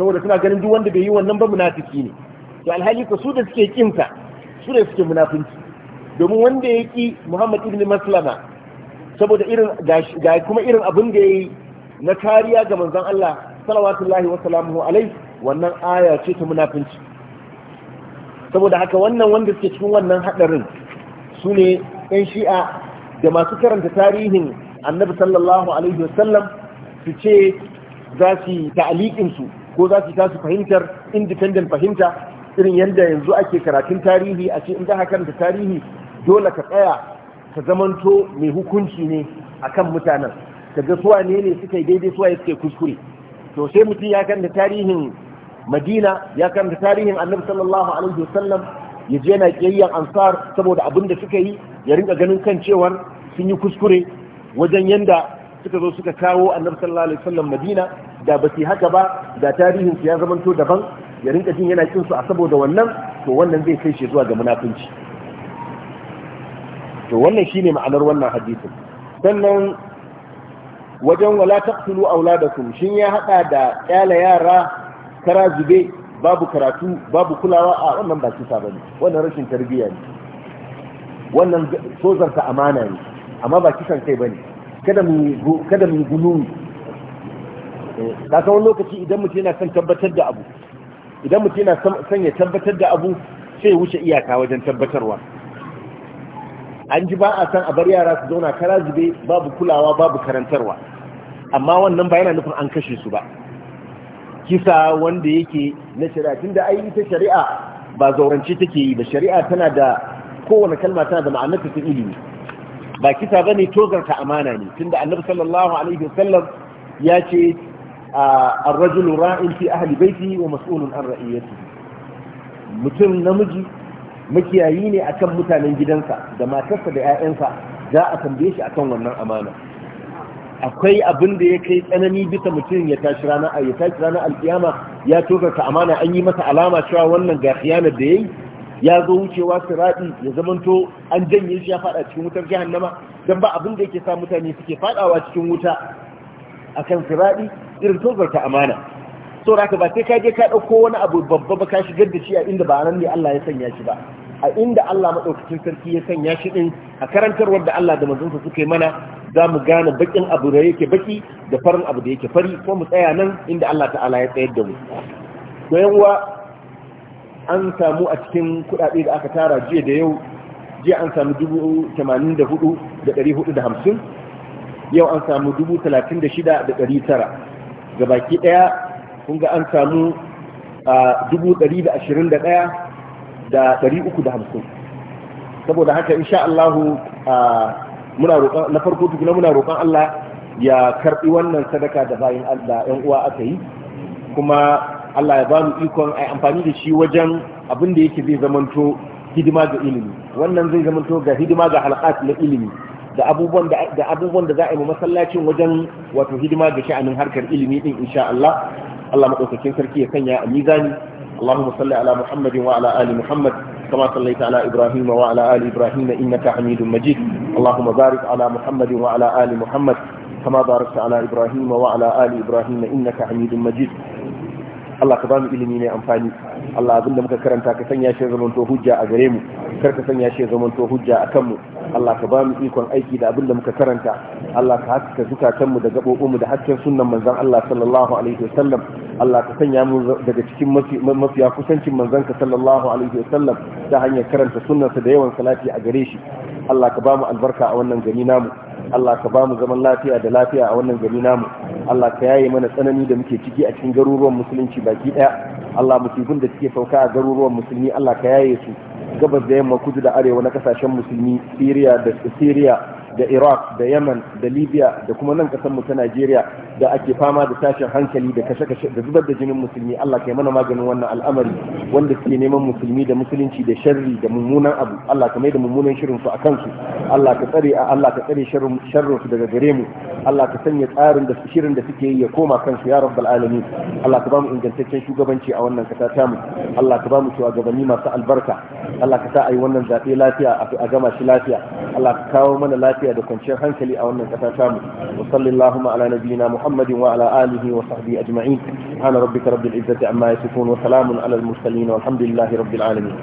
saboda suna ganin duk wanda bai yi wannan ba munafiki ne to alhali ko su da suke kin sa su da suke munafinci domin wanda ya ki Muhammad ibn Maslama saboda irin ga kuma irin abin da yayi na kariya ga manzon Allah salawatullahi wa salamuhu alaihi wannan aya ce ta munafinci saboda haka wannan wanda suke cikin wannan hadarin su ne yan shi'a da masu karanta tarihin annabi sallallahu alaihi wasallam su ce za su yi ta'aliƙinsu ko za su tasu fahimtar independent fahimta irin yadda yanzu ake karatun tarihi a ce in za ka karanta tarihi dole ka tsaya ka zamanto mai hukunci ne a kan mutanen ka ga suwa ne ne suka yi daidai suwa suka yi kuskure to sai mutum ya karanta tarihin madina ya karanta tarihin annabi sallallahu alaihi wasallam ya je yana kiyayyen ansar saboda abin da suka yi ya rinka ganin kan cewar sun yi kuskure wajen yanda suka zo suka kawo annabi sallallahu alaihi wasallam madina da ba su haka ba da tarihin su ya zamanto daban ya rinka jin yana kin a saboda wannan to wannan zai kai shi zuwa ga munafunci to wannan shine ma'anar wannan hadisin sannan wajen wala taqtulu auladakum shin ya hada da kyala yara kara zube babu karatu babu kulawa a wannan ba kisa bane wannan rashin tarbiyya ne wannan ta amana ne amma ba kisan kai bane kada mu kada mu gulu da eh, kawai lokaci idan mutum yana son tabbatar da abu idan mutum yana son ya tabbatar da abu sai wuce iyaka wajen tabbatarwa an ji ba a san a bar yara su zauna kara zube babu kulawa babu karantarwa amma wannan ba yana nufin an kashe su ba kisa wanda yake na shari'a tunda ai ita shari'a ba zaurance take yi ba shari'a tana da kowane kalma tana da ma'anarta ta ilimi ba kisa bane ta amana ne tunda annabi sallallahu alaihi wasallam ya ce ra'in fi ahli baiti wa mas'ulun an ra'iyati mutum namiji makiyayi ne akan mutanen gidansa da matarsa da 'ya'yansa za a tambaye shi akan wannan amana akwai abin da ya kai tsanani bisa mutum ya tashi rana a ya tashi rana alkiyama ya ka amana an yi masa alama cewa wannan ga khiyanar da yi ya zo wucewa sirati ya zamanto an janye shi ya fada cikin wutar jahannama dan ba abin da yake sa mutane suke fadawa cikin wuta akan sirati irin ka amana so raka ba sai ka je ka ɗauko wani abu babba ba ka shigar da shi a inda ba nan ne Allah ya sanya shi ba a inda Allah madaukakin sarki ya sanya shi din a karantarwar da Allah da manzonsa suka yi mana za mu gane bakin abu da yake baki da farin abu da yake fari ko mu tsaya nan inda Allah ta'ala ya tsayar da mu to yanwa an samu a cikin kuɗaɗe da aka tara jiya da yau jiya an samu dubu tamanin da hudu da ɗari hudu da hamsin yau an samu dubu talatin da shida da ɗari tara ga baki ɗaya kun ga an samu dubu ɗari da ashirin da ɗaya da ɗari uku da hamsin saboda haka insha Allahu muna roƙon na farko tukuna muna roƙon Allah ya karɓi wannan sadaka da bayin Allah ɗan uwa aka yi kuma Allah ya bamu ikon ai amfani da shi wajen abin da yake zai zamanto hidima ga ilimi wannan zai zamanto ga hidima ga halqat na ilimi da abubuwan da da abubuwan da za a yi masallacin wajen wato hidima ga sha'anin harkar ilimi din insha Allah Allah madaukakin sarki ya sanya a mizani Allahumma salli ala Muhammadin wa ala ali Muhammad كما صليت على إبراهيم وعلى آل إبراهيم إنك حميد مجيد اللهم بارك على محمد وعلى آل محمد كما باركت على إبراهيم وعلى آل إبراهيم إنك حميد مجيد الله كبام إلمي أنفاني Allah abinda muka karanta ka sanya shi zaman hujja a gare mu kar ka sanya shi zaman hujja a kanmu Allah ka ba mu ikon aiki da abinda muka karanta Allah ka haska zukatan mu da gabobin mu da hakkin sunnan manzon Allah sallallahu alaihi wasallam Allah ka sanya mu daga cikin mafiya kusancin manzon ka sallallahu alaihi wasallam ta hanyar karanta sunnansa da yawan salati a gare shi Allah ka ba mu albarka a wannan gani namu Allah ka ba mu zaman lafiya da lafiya a wannan gari namu Allah ka yaye mana tsanani da muke ciki a cikin garuruwan musulunci baki daya Allah musibin da suke sauka a garuruwan musulmi Allah ka yaye su gabas da yamma kudu da arewa na kasashen musulmi Syria da Syria da iraq da yaman da libya da kuma nan mu ta najeriya da ake fama da tashin hankali da kashe-kashe da zubar da jinin musulmi allah kai mana maganin wannan al'amari wanda suke neman musulmi da musulunci da sharri da mummunan abu allah ka mai da mummunan shirin su a kansu allah ka tsare allah ka tsare sharrin su daga gare mu allah ka sanya tsarin da shirin da suke yi ya koma kansu ya rabbal alamin allah ka ba mu ingantaccen shugabanci a wannan kasa tamu allah ka ba mu shugabanni masu albarka allah ka sa a yi wannan zaɓe lafiya a gama shi lafiya allah ka kawo mana lafiya lafiya da kwanciyar hankali a wannan ƙasa tamu wa sallallahu ala nabiyina muhammadin wa ala alihi wa sahbihi ajma'in subhana rabbika rabbil izzati amma yasifun wa salamun ala al mursalin walhamdulillahi rabbil alamin